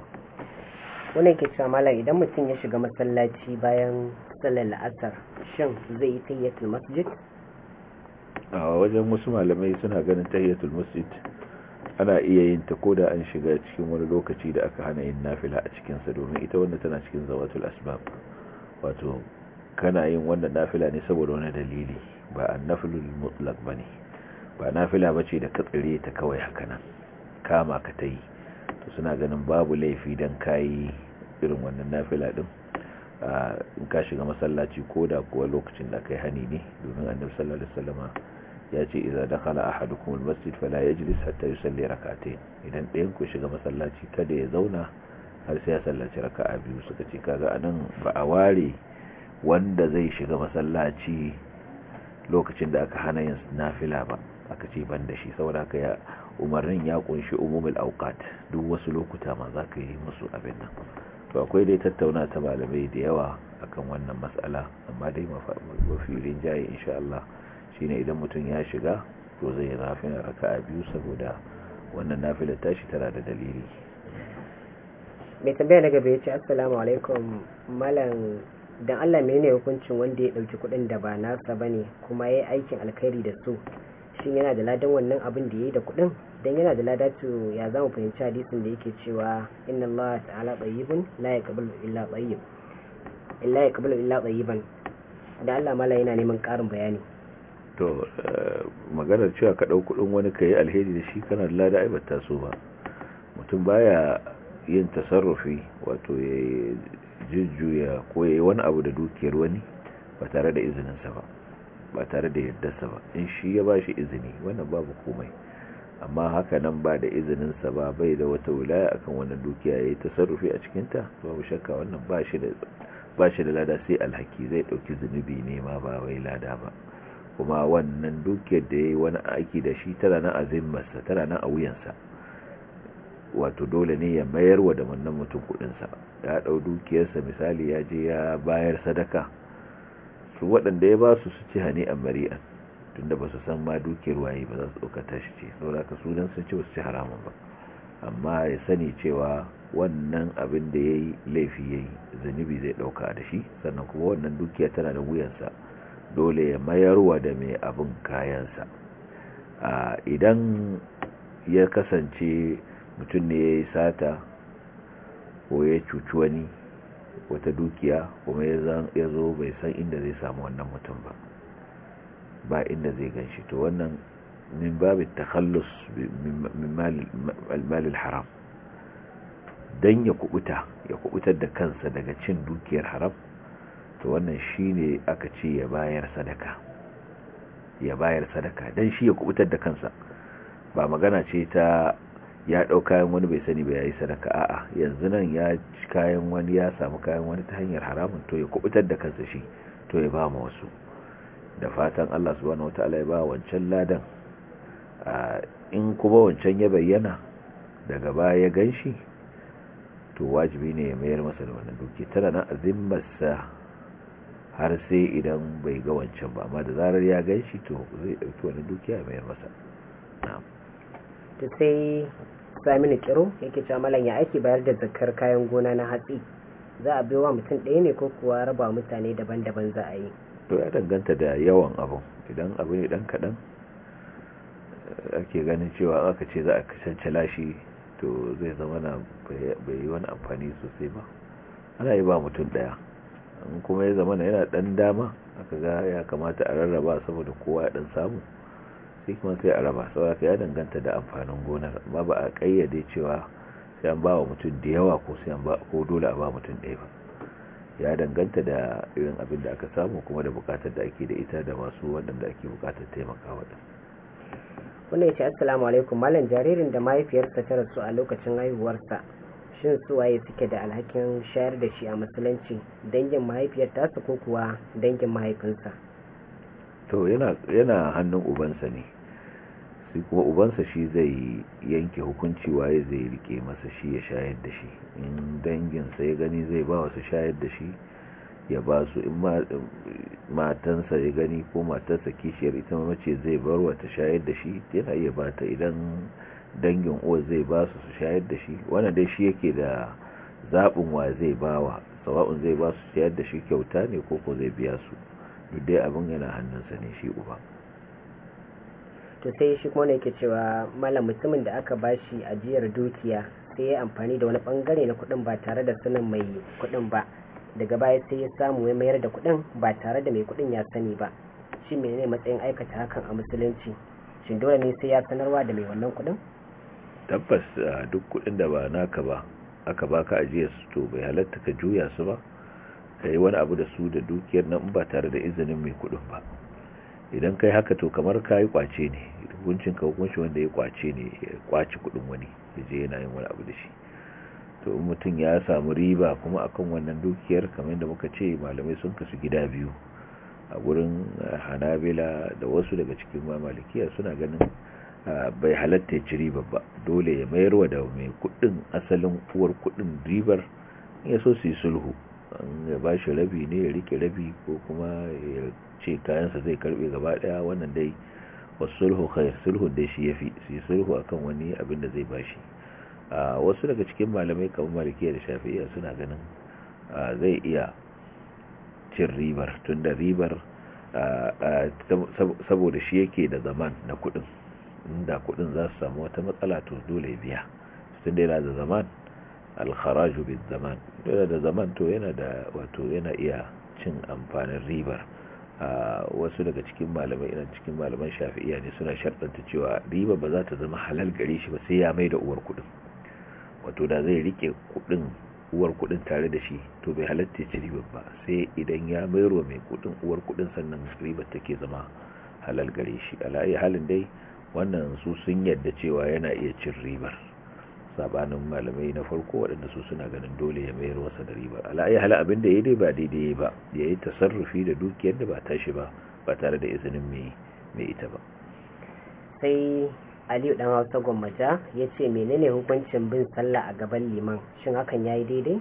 wani ke cewa malam idan mutum ya shiga masallaci bayan sallar la'asar shin zai yi tayyatul masjid a wajen wasu malamai suna ganin tahiyatul masjid ana iya yin ta ko da an shiga cikin wani lokaci da aka hana yin nafila a cikinsa domin ita wanda tana cikin zawatul asbab wato kana yin wannan nafila ne saboda wani dalili ba an mutlaq bane ba nafila bace da ka tsire ta kawai haka nan kama ka ta yi to suna ganin babu laifi dan kayi irin wannan nafila din in ka shiga masallaci koda da kuwa lokacin da kai hani ne domin annabi sallallahu alaihi wasallama ya ce da idza kuma masjid almasjid fala yajlis hatta yusalli rak'atayn idan ɗayan ku shiga masallaci kada ya zauna har sai ya sallaci raka'a biyu suka ce kaga anan ba a ware wanda zai shiga masallaci lokacin da aka hana yin nafila ba aka ce ban da shi saboda ka ya umarnin ya kunshi umumul awqat duk wasu lokuta ma za ka yi musu abin nan to akwai dai tattauna ta malamai da yawa akan wannan mas'ala amma dai mafi rinjaye insha Allah shine idan mutum ya shiga to zai yi nafilar a biyu saboda wannan nafilar tashi tana da dalili mai tambaya na gaba ya ce assalamu alaikum malam don Allah ne hukuncin wanda ya ɗauki kuɗin da ba nasa ba ne kuma ya yi aikin alkhairi da su shi yana da ladan wannan abin da ya yi da kuɗin don yana da lada to ya mu fahimci hadisin da yake cewa inna Allah ta'ala tsayibin la yaqbalu illa tayyib da Allah mala yana neman ƙarin bayani to eh, maganar cewa ka ɗau kuɗin wani ka yi alheri da shi kana da lada ai bata so ba mutum baya yin tasarrufi wato ya jujjuya ko ya yi wani abu da dukiyar wani ba tare da izininsa ba ba tare da yardarsa ba in shi ya ba shi izini wannan babu komai amma haka nan ba da izininsa ba bai da wata wilaya akan wannan dukiya ya yi tasarrufi a cikinta babu shakka wannan ba shi da lada sai alhaki zai ɗauki zunubi ne ma ba wai lada ba kuma wannan dukiyar da ya yi wani aiki da shi tana na azimmarsa tana na a wato dole ne ya mayar wa da wannan mutum kudinsa ya ɗau dukiyarsa misali ya je ya bayar sadaka su waɗanda ya ba su su ci hani a mari'an tunda ba su san ma dukiyar waye ba za su ɗauka tashi ce saboda ka sunan sun ci ba su ci haramun ba amma ya sani cewa wannan abin da ya yi laifi ya yi zunubi zai ɗauka da shi sannan kuma wannan dukiya tana da wuyansa dole ya mayarwa da mai abin kayansa idan ya kasance mutum ne ya yi sata ko ya cuci wani wata dukiya kuma ya zo bai san inda zai samu wannan mutum ba ba inda zai ganshi to wannan min babu takallus min malil haram don ya kubuta ya kubutar da kansa daga cin dukiyar haram to wannan shi ne aka ce ya bayar sadaka ya bayar sadaka dan shi ya kubutar da kansa ba magana ce ta ya ɗau kayan wani bai sani ba ya yi sadaka a'a yanzu nan ya ci kayan wani ya samu kayan wani ta hanyar haramun to ya kubutar da kansa shi to ya ba ma wasu da fatan Allah subhanahu wata ya ba wancan ladan in kuma wancan ya bayyana daga baya ya ganshi to wajibi ne ya mayar masa da wannan duki tana na azimarsa har sai idan bai ga wancan ba amma da zarar ya gan shi to zai ɗauki wani dukiya mai masa ta sai saminu kiro yake cewa ya aiki bayar da zakar kayan gona na hatsi za a biyo wa mutum ɗaya ne ko kuwa raba mutane daban-daban za a yi to ya danganta da yawan abu idan abu ne dan kaɗan ake ganin cewa aka ce za a cancala shi to zai zama na bai yi wani amfani sosai ba ana yi ba mutum ɗaya in kuma ya zama yana dan dama aka ga ya kamata a rarraba saboda kowa ya dan samu sai kuma sai a raba saboda ya danganta da amfanin gonar amma ba a kayyade cewa sai an ba wa mutum da yawa ko sai an ba ko dole a ba mutum ɗaya ba ya danganta da irin abin da aka samu kuma da bukatar da ake da ita da masu waɗanda ake bukatar taimaka waɗanda wannan ya ce assalamu alaikum malam jaririn da mahaifiyarsa ta rasu a lokacin haihuwarsa shin su waye suke da alhakin shayar da shi a musulunci dangin mahaifiyar tasa ko kuwa dangin mahaifinsa to yana yana hannun ubansa ne sai kuma ubansa shi zai yanke hukunci waye zai rike masa shi ya shayar da shi in danginsa ya gani zai ba wasu shayar da shi ya ba su in matansa ya gani ko matarsa kishiyar ita mace zai bar wata shayar da shi yana iya ba ta idan dangin uwar zai ba su su shayar da shi wannan dai shi yake da zaɓin wa zai bawa sawa'un zai ba su shayar da shi kyauta ne ko ko zai biya su duk dai abin yana hannunsa ne shi uba to sai shi kuma ne ke cewa malam mutumin da aka ba shi ajiyar dukiya sai ya amfani da wani bangare na kuɗin ba tare da sanin mai kuɗin ba daga baya sai ya samu ya mayar da kuɗin ba tare da mai kuɗin ya sani ba shi menene matsayin aikata hakan a musulunci shin dole ne sai ya sanarwa da mai wannan kuɗin tabbas duk kudin da ba naka ba aka baka ajiyar su to bai halatta ka juya su ba ka yi wani abu da su da dukiyar nan ba tare da izinin mai kudin ba idan kai haka to kamar ka yi kwace ne hukuncin ka hukunci wanda ya kwace ne ya kwace kudin wani ya je yana yin wani abu da shi to in mutum ya samu riba kuma akan wannan dukiyar kamar yadda muka ce malamai sun kasu gida biyu a gurin eh, hanabila da wasu daga cikin mamalikiya suna ganin bai halatta ya ci ribar ba dole ya mayar wa da mai kudin asalin uwar kudin ribar ya so su yi sulhu ya ba shi rabi ne ya rike rabi ko kuma ya ce kayansa zai karbe gaba daya wannan dai wasu sulhu khair sulhu da shi ya fi su yi sulhu akan wani abin da zai ba shi wasu daga cikin malamai kamar malikiya da shafi'iya suna ganin zai iya cin ribar tunda ribar saboda shi yake da zaman na kudin inda kudin za su samu wata matsala to dole biya sun yana da zaman alkharaju bi zaman dole da zaman to yana da wato yana iya cin amfanin ribar wasu daga cikin malamai ina cikin malaman shafi'iya ne suna sharɗanta cewa riba ba za ta zama halal gare shi ba sai ya mai da uwar kudin wato da zai rike kudin uwar kudin tare da shi to bai halatta ci riba ba sai idan ya mayarwa mai kudin uwar kudin sannan riba take zama halal gare shi alayi halin dai wannan su sun yadda cewa yana iya cin ribar sabanin malamai na farko waɗanda su suna ganin dole ya mayar wasa da ribar ala'ayi hala abin da ya dai ba daidai ba ya yi tasarrufi da dukiyar da ba tashi ba ba tare da izinin mai ita ba sai aliyu ɗan hausa gwammaja ya ce menene hukuncin bin sallah a gaban liman shin hakan ya yi daidai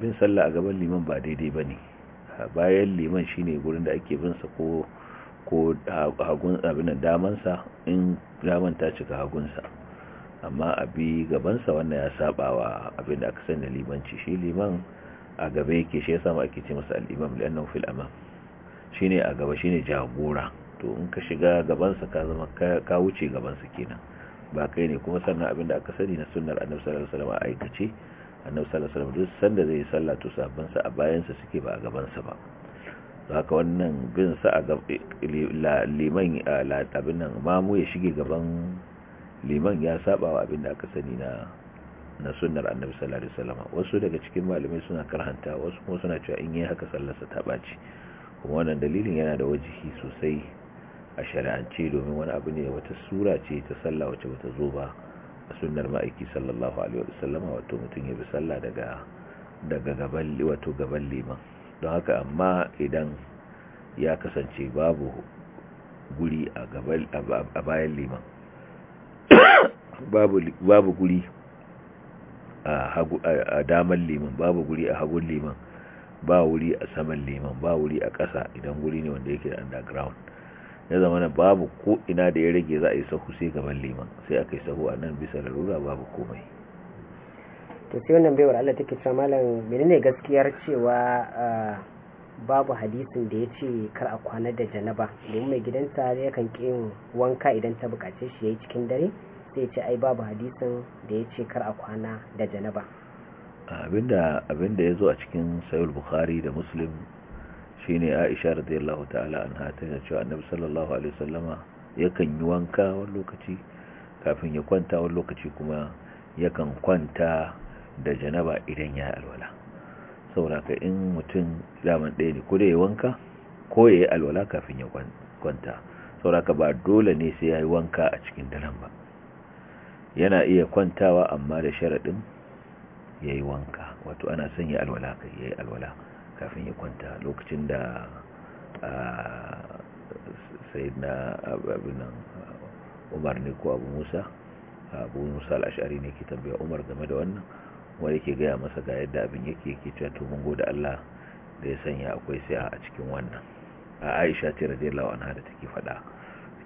bin sallah a gaban liman ba daidai ba ne bayan liman shine gurin da ake bin sa ko ko hagun abin damansa in daman ta cika hagunsa amma a bi gabansa wannan ya saba wa abin da aka sani da limanci shi liman a gaba yake shi ya samu ake ce masa al'imam lannan fil amam shi a gaba shi ne jagora to in ka shiga gabansa ka zama ka wuce gabansa kenan ba kai ne kuma sannan abin da aka sani na sunnar annabi sallallahu alaihi wasallam a aikace annabi sallallahu alaihi wasallam duk sanda zai yi sallah to sabansa a bayansa suke ba a gabansa ba haka wannan bin sa a liman abin nan mamu ya shige gaban liman ya saba wa abin aka sani na na sunnar annabi sallallahu alaihi wasallam wasu daga cikin malamai suna karhanta wasu kuma suna cewa in yayi haka sallarsa ta baci kuma wannan dalilin yana da wajihi sosai a shari'ance domin wani abu ne wata sura ce ta sallah wacce bata zo ba a sunnar ma'aiki sallallahu alaihi wasallam wato mutum ya bi sallah daga daga gaban wato gaban liman don haka amma idan ya kasance babu guri a bayan liman babu guri a daman liman babu guri a hagun liman ba wuri a saman liman ba wuri a ƙasa idan guri ne wanda yake da underground ya zama na babu ko ina da ya rage za a yi sahu sai gaban liman sai aka yi sahu a nan bisa larura babu komai to sai wannan baiwar Allah take cewa malam menene gaskiyar cewa babu hadisin da ya ce kar a kwana da janaba domin mai gidansa yakan ƙi yin wanka idan ta buƙace shi yayi cikin dare sai ya ce ai babu hadisin da ya ce kar a kwana da janaba abinda abinda yazo a cikin sahih bukhari da muslim shine aisha radiyallahu ta'ala anha ce cewa annabi sallallahu alaihi wasallama yakan yi wanka wani lokaci kafin ya kwanta wani lokaci kuma yakan kwanta da janaba idan ya alwala saboda ka in mutum zaman ɗaya ne ko da ya wanka ko ya yi alwala kafin ya kwanta saboda ka ba dole ne sai ya yi wanka a cikin daren ba yana iya kwantawa amma da sharaɗin ya yi wanka wato ana son ya alwala ka ya yi alwala kafin ya kwanta lokacin da sai na abinan umar ne ko abu musa abu musa al'ashari ne ke tambaya umar game da wannan wa yake gaya masa ga yadda abin yake yake cewa to mun gode Allah da ya sanya akwai sai a cikin wannan a Aisha ce radiyallahu anha da take faɗa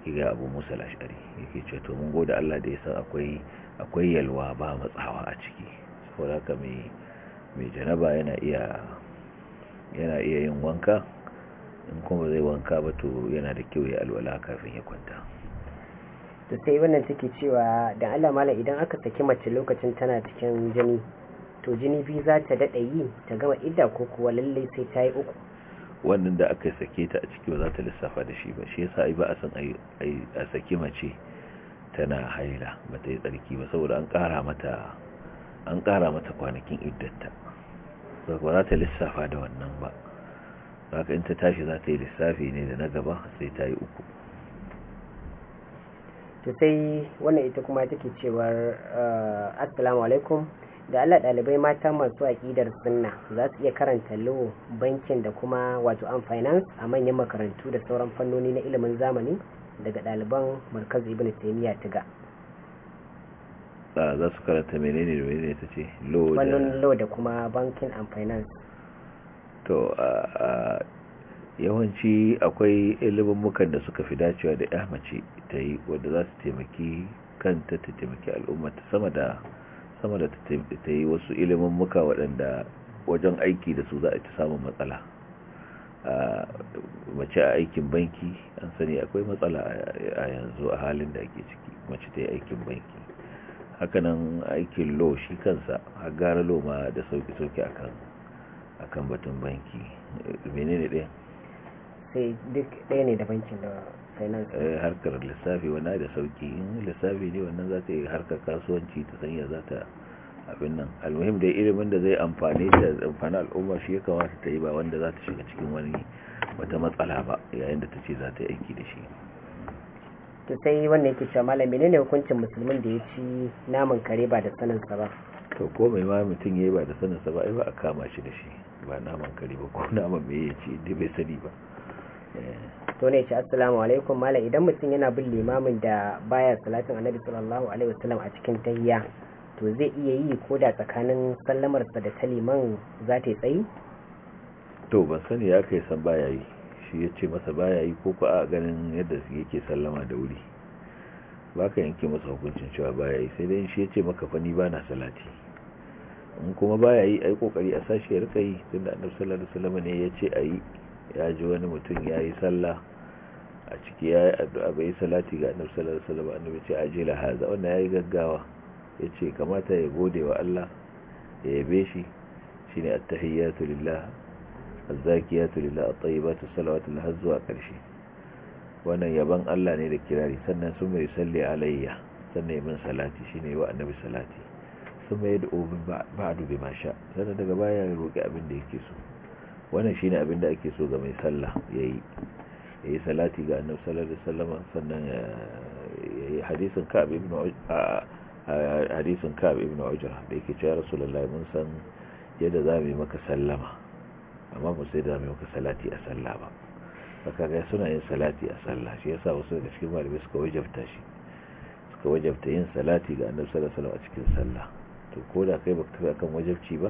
take ga Abu Musa al-Ash'ari yake cewa to mun gode Allah da ya san akwai akwai yalwa ba matsawa a ciki saboda haka mai mai janaba yana iya yana iya yin wanka in kuma zai wanka ba to yana da kyau ya alwala kafin ya kwanta to sai wannan take cewa dan Allah mallam idan aka saki mace lokacin tana cikin jini to jini biyu za ta daɗa yi ta gama idda ko kuwa lallai sai ta yi uku wannan da aka sake ta a ciki ba za ta lissafa da shi ba shi yasa ai ba a san a saki mace tana haila ba ta yi tsarki ba saboda an ƙara mata an ƙara mata kwanakin iddarta ba za ta lissafa da wannan ba haka in ta tashi za ta yi lissafi ne da na gaba sai ta yi uku to sai wannan ita kuma take cewar ah, assalamu alaikum da Allah ɗalibai mata masu aƙidar sunna za su iya karanta law bankin da kuma wato an finance a manyan makarantu da sauran fannoni na ilimin zamani daga ɗaliban markaz ibn taymiya tiga za su karanta menene da menene ta ce law da kuma bankin and finance to yawanci akwai ilimin da suka fi dacewa da ya mace ta yi wadda za su taimaki kanta ta taimaki al'umma ta sama da sama da ta yi wasu ilimin muka waɗanda wajen aiki da su za a ta samun matsala mace a aikin banki an sani akwai matsala a yanzu a halin da ake ciki mace ta yi aikin banki hakanan aikin lo shi kansa har gara lo ma da sauki-sauki akan kan batun banki menene ɗaya sai duk ɗaya ne da bankin da finance eh, harkar lissafi wani da sauki in lissafi ne wannan za ta yi harkar kasuwanci ta sanya za ta abin nan almuhim da ilimin da zai amfani ta amfani al'umma shi ya kamata ta yi ba wanda za ta shiga cikin wani wata matsala ba yayin da ta ce za ta yi aiki da shi to sai wannan yake cewa ne ne hukuncin musulmin da ya ci naman kare ba da sanin sa ba to ko mai ma mutum ya yi ba da sanin sa ba ai ba a kama shi da shi ba naman kare ba ko naman me ya ci dai bai sani ba to ne ce assalamu alaikum mala idan mutum yana bin limamin da baya salatin annabi sallallahu alaihi wasallam a cikin tahiyya to zai iya yi ko da tsakanin sallamar sa da taliman za ta tsayi to ban sani ya kai san baya yi shi ya ce masa baya yi ko a ganin yadda yake sallama da wuri ba ka yanke masa hukuncin cewa baya yi sai dai shi ya ce maka fani ba na salati in kuma baya yi ai kokari a sashi ya rika yi tunda annabi sallallahu alaihi wasallam ne ya ce a yi ya ji wani mutum ya yi sallah a ciki ya yi addu'a bai yi salati ga annabi sallallahu alaihi wasallam annabi ce ajila haza ya yi gaggawa yace kamata ya gode wa Allah ya yabe shi shine at-tahiyatu lillah az lillah at-tayyibatu salawatu lillah zuwa karshe wannan yaban Allah ne da kirari sannan sun mai salli alayya sannan min salati shine wa annabi salati sun mai da obin ba'du bi ma sha sannan daga baya ya roki abin da yake so wannan shine abin da ake so ga mai sallah yayi yayi salati ga annabi sallallahu alaihi wasallam sannan eh, yayi hadisin Ka'ab ibn hadisin Ka'ab ibn Ujra da yake cewa Rasulullahi mun san yadda za mu maka sallama amma ba sai da mu maka salati a sallah ba saka ga suna yin salati a sallah shi yasa wasu daga cikin malami suka wajabta shi suka wajabta yin salati ga annabi sallallahu alaihi wasallam a cikin sallah to ko da kai baka tafi akan wajabci ba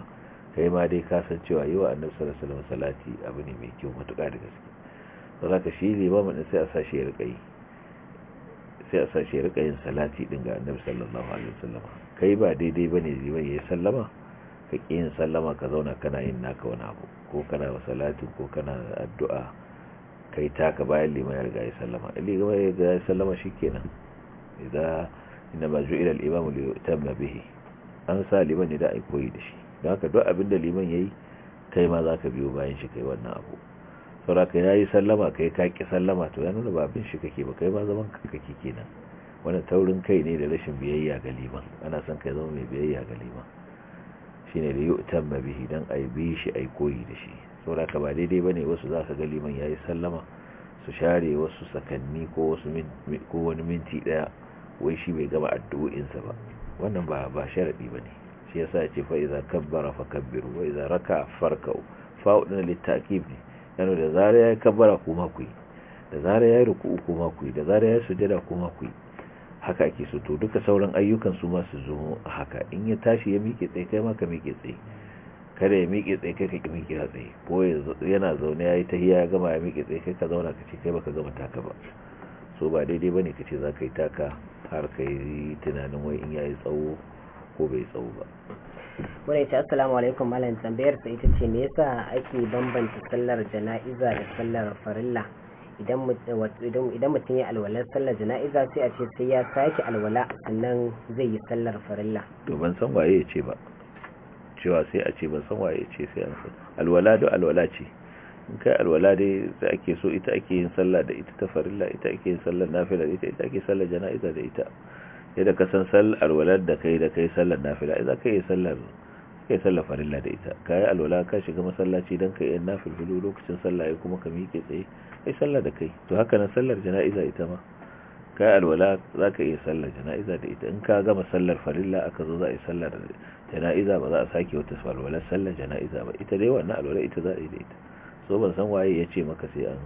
kai ma dai ka san cewa yi wa annabi sallallahu alaihi wasallam salati abu ne mai kyau matuƙa da gaske to zaka shi limamin din sai a sa shi ya rika yi sai a sa shi ya rika yin salati din ga annabi sallallahu alaihi wasallam kai ba daidai bane zai ya sallama ka ƙi yin sallama ka zauna kana yin naka wani abu ko kana salatin ko kana addu'a kai taka bayan liman ya riga ya sallama gama ya riga ya sallama shikenan idan inna ma ju'ila al-imam li yutamma bihi an sa liman ne da ai koyi da shi don haka duk abin da liman ya yi kai ma za ka biyo bayan shi kai wannan abu saura ka ya yi sallama ka yi kaki sallama to ya nuna ba abin shi kake ba kai ma zaman ka kake kenan wani taurin kai ne da rashin biyayya ga liman ana son kai zama mai biyayya ga liman shi ne da yu'tamma bihi dan a bi shi yi koyi da shi saura ka ba daidai ba ne wasu za ka ga liman ya yi sallama su share wasu sakanni ko wani minti ɗaya wai shi bai gama addu'o'insa ba wannan ba ba ne. bane shi sa ce fa'iza idza kabbara fa kabbiru fa'iza raka raka'a farka'u fa'u na litakib ne yana da zara ya kabbara kuma ku yi da zara ya ruku'u kuma ku yi da zara ya sujada kuma ku yi haka ake so to duka sauran ayyukan su masu zuwa haka in ya tashi ya miƙe tsaye kai ma ka miƙe tsaye kada ya miƙe tsaye kai ka miƙe tsaye ko yana zaune ya yi tahiya ya gama ya miƙe tsaye kai ka zauna ka ce kai baka gama taka ba so ba daidai ne ka ce za ka yi taka har ka yi tunanin wai in ya yi tsawo ko bai tsawo ba wani ce assalamu alaikum malam tambayar sai ita ce me yasa ake bambanta sallar jana'iza da sallar farilla idan mutum ya alwalar sallar jana'iza sai a ce sai ya sake alwala sannan zai yi sallar farilla to ban san waye ya ce ba cewa sai a ce ban san waye ya ce sai an san alwala da alwala ce in kai alwala dai da ake so ita ake yin sallah da ita ta farilla ita ake yin sallar nafila da ita ita ake sallar jana'iza da ita yadda da kasan sallar alwalar da kai da kai sallar nafila idan kai sallar ka sallar farilla da ita ka yi alwala ka shiga masallaci dan kai yi nafilfilu lokacin sallah ya kuma ka miƙe tsaye ka yi sallar da kai to haka nan sallar jana'iza ita ma ka yi alwala za ka iya sallar jana'iza da ita in ka gama sallar farilla aka zo za a yi sallar jana'iza ba za a sake wata alwalar sallar jana'iza ba ita dai wannan alwala ita za a yi da ita so ban san waye ya ce maka sai an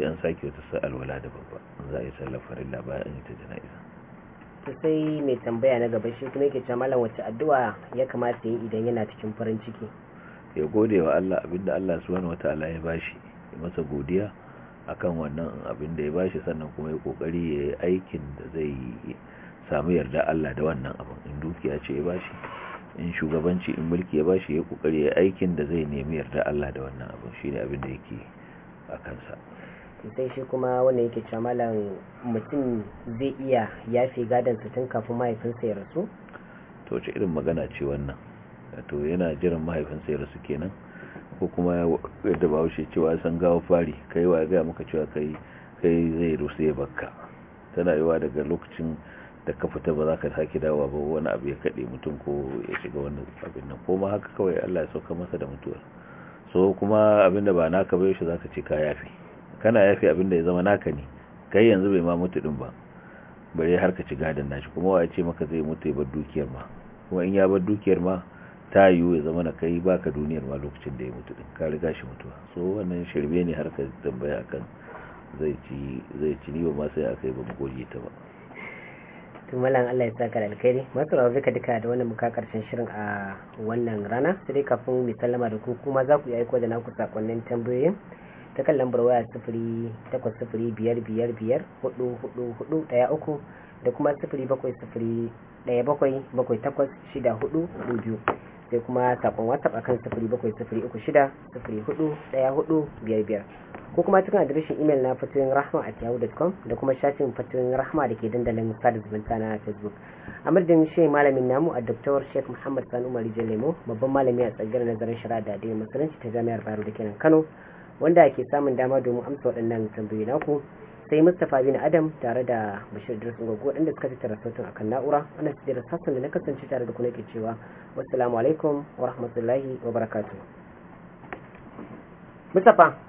sai an sake wata alwala da babba za a yi sallar farilla bayan an yi ta jana'iza ta sai mai tambaya na gaba shi kuma yake cewa malam wacce addu'a ya kamata yi idan yana cikin farin ciki ya gode wa Allah abinda Allah subhanahu wataala ya bashi ya masa godiya akan wannan abin da ya bashi sannan kuma ya kokari ya yi aikin da zai samu yarda Allah da wannan abin in dukiya ce ya bashi in shugabanci in mulki ya bashi ya kokari ya aikin da zai nemi yarda Allah da wannan abin shine abin da yake a sa. sai shi kuma wanda yake cewa malam mutum zai iya yafe gadon su tun kafin mahaifinsa ya rasu to ce irin magana ce wannan to yana jiran mahaifinsa ya rasu kenan ko kuma yadda ba wuce cewa san gawa fari kai wa ga muka cewa kai kai zai rusu ya bakka tana yiwa daga lokacin da ka fita ba za ka sake dawowa ba wani abu ya kaɗe mutum ko ya shiga wani abin nan ko ma haka kawai Allah ya sauka masa da mutuwar so kuma abinda ba naka ba yaushe za ka ce ka yafi kana yafi abin da ya zama naka ne kai yanzu bai ma mutu din ba bare har ka ci gadan nashi kuma wa ya ce maka zai mutu ya bar dukiyar ma kuma in ya bar dukiyar ma ta yi ya zama na kai baka duniyar ma lokacin da ya mutu din ka riga shi mutuwa so wannan shirme ne har ka tambaya akan zai ci zai ci ni ba ma sai akai ba mu goje ta ba tumalan Allah ya saka alkhairi masarar duka duka da wannan muka karshen shirin a wannan rana sai kafin mu sallama da ku kuma za ku yi aiko da naku sakonnin tambayoyin ta kan lambar waya sifiri takwas sifiri biyar biyar biyar hudu hudu hudu daya uku da kuma sifiri bakwai sifiri daya bakwai bakwai takwas shida hudu hudu biyu sai kuma sakon whatsapp akan sifiri bakwai sifiri uku shida sifiri hudu daya hudu biyar biyar ko kuma cikin adireshin imel na fatoyin rahma a yahoo.com da kuma shafin fatoyin rahma da ke dandalin sada zumunta na facebook a madadin shi malamin namu a doktor sheikh muhammad sanu marijan lemo babban malami a tsagar nazarin shari'a da addinin musulunci ta jami'ar bayero da kenan kano wanda ake samun dama domin amsa waɗannan tambayoyi naku sai mustapha bin adam tare da bashir rasu gwaggo waɗanda suka tattara sautin akan na'ura ana su jira sassan da na kasance tare da kuna ke cewa wasu alaikum wa rahmatullahi wa barakatu mustapha